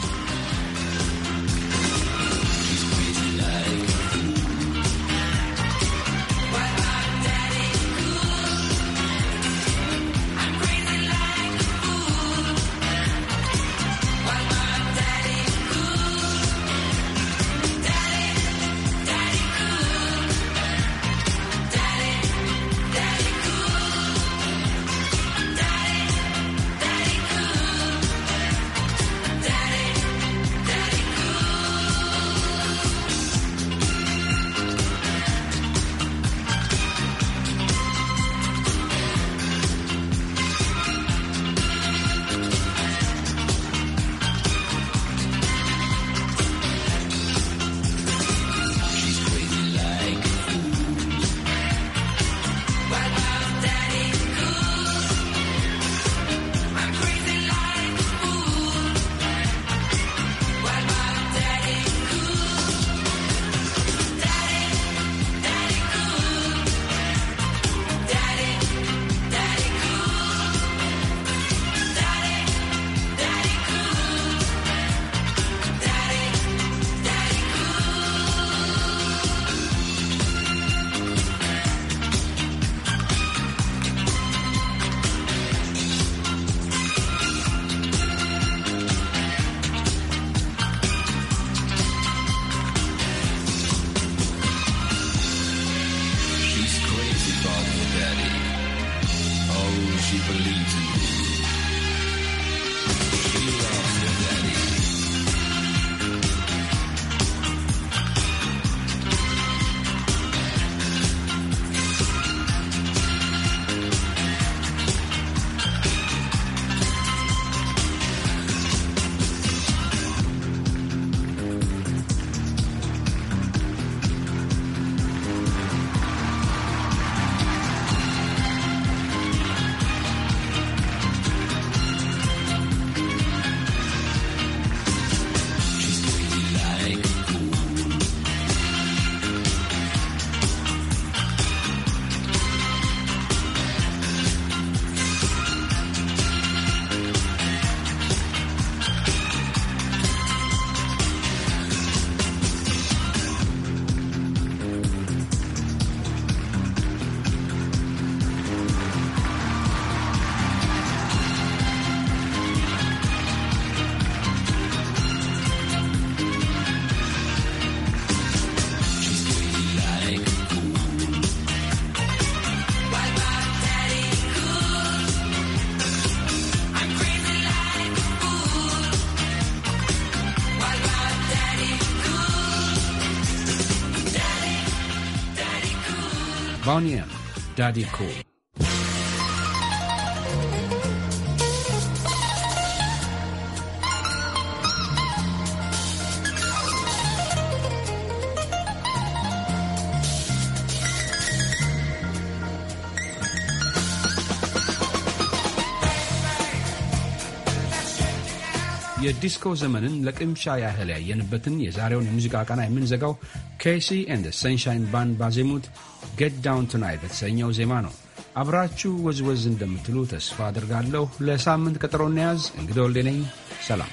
Bonnie M, Daddy Cool. የዲስኮ ዘመንን ለቅምሻ ያህል ያየንበትን የዛሬውን የሙዚቃ ቃና የምንዘጋው ኬሲ ኤንድ ሰንሻይን ባንድ ባዜሙት ጌት ዳውን ትናይት በተሰኘው ዜማ ነው። አብራችሁ ወዝወዝ እንደምትሉ ተስፋ አድርጋለሁ። ለሳምንት ቀጠሮ እናያዝ። እንግዲህ ወልዴ ነኝ። ሰላም።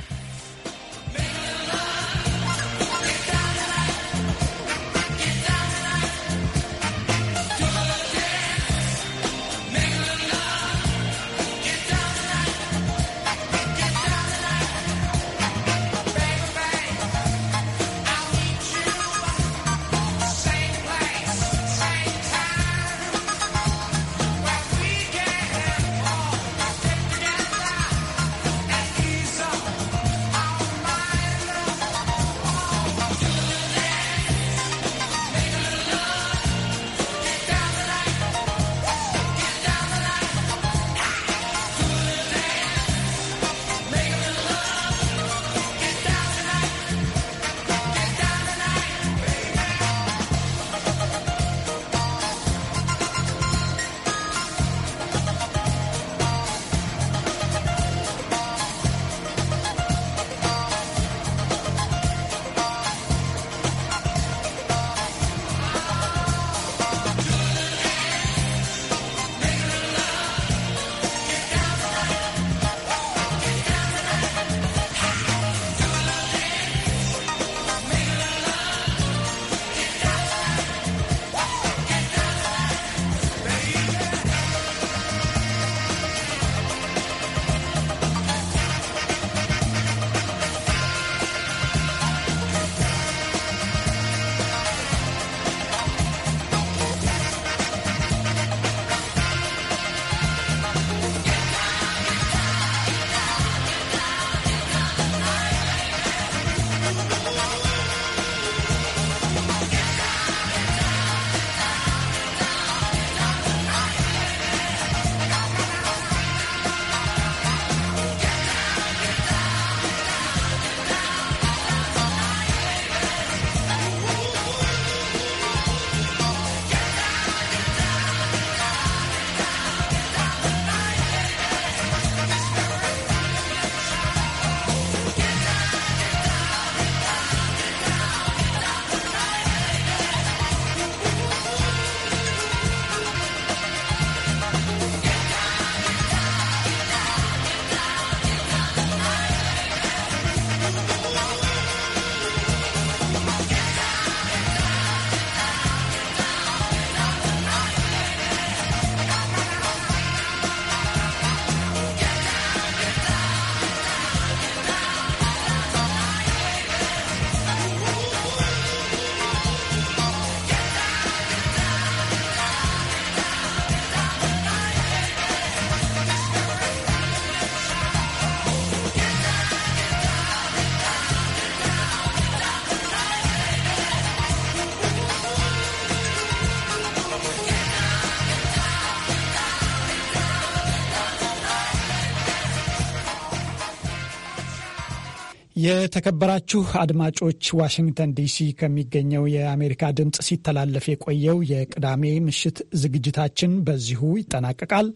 የተከበራችሁ አድማጮች ዋሽንግተን ዲሲ ከሚገኘው የአሜሪካ ድምፅ ሲተላለፍ የቆየው የቅዳሜ ምሽት ዝግጅታችን በዚሁ ይጠናቀቃል።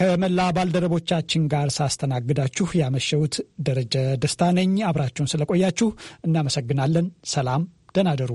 ከመላ ባልደረቦቻችን ጋር ሳስተናግዳችሁ ያመሸሁት ደረጀ ደስታ ነኝ። አብራችሁን ስለቆያችሁ እናመሰግናለን። ሰላም፣ ደህና ደሩ።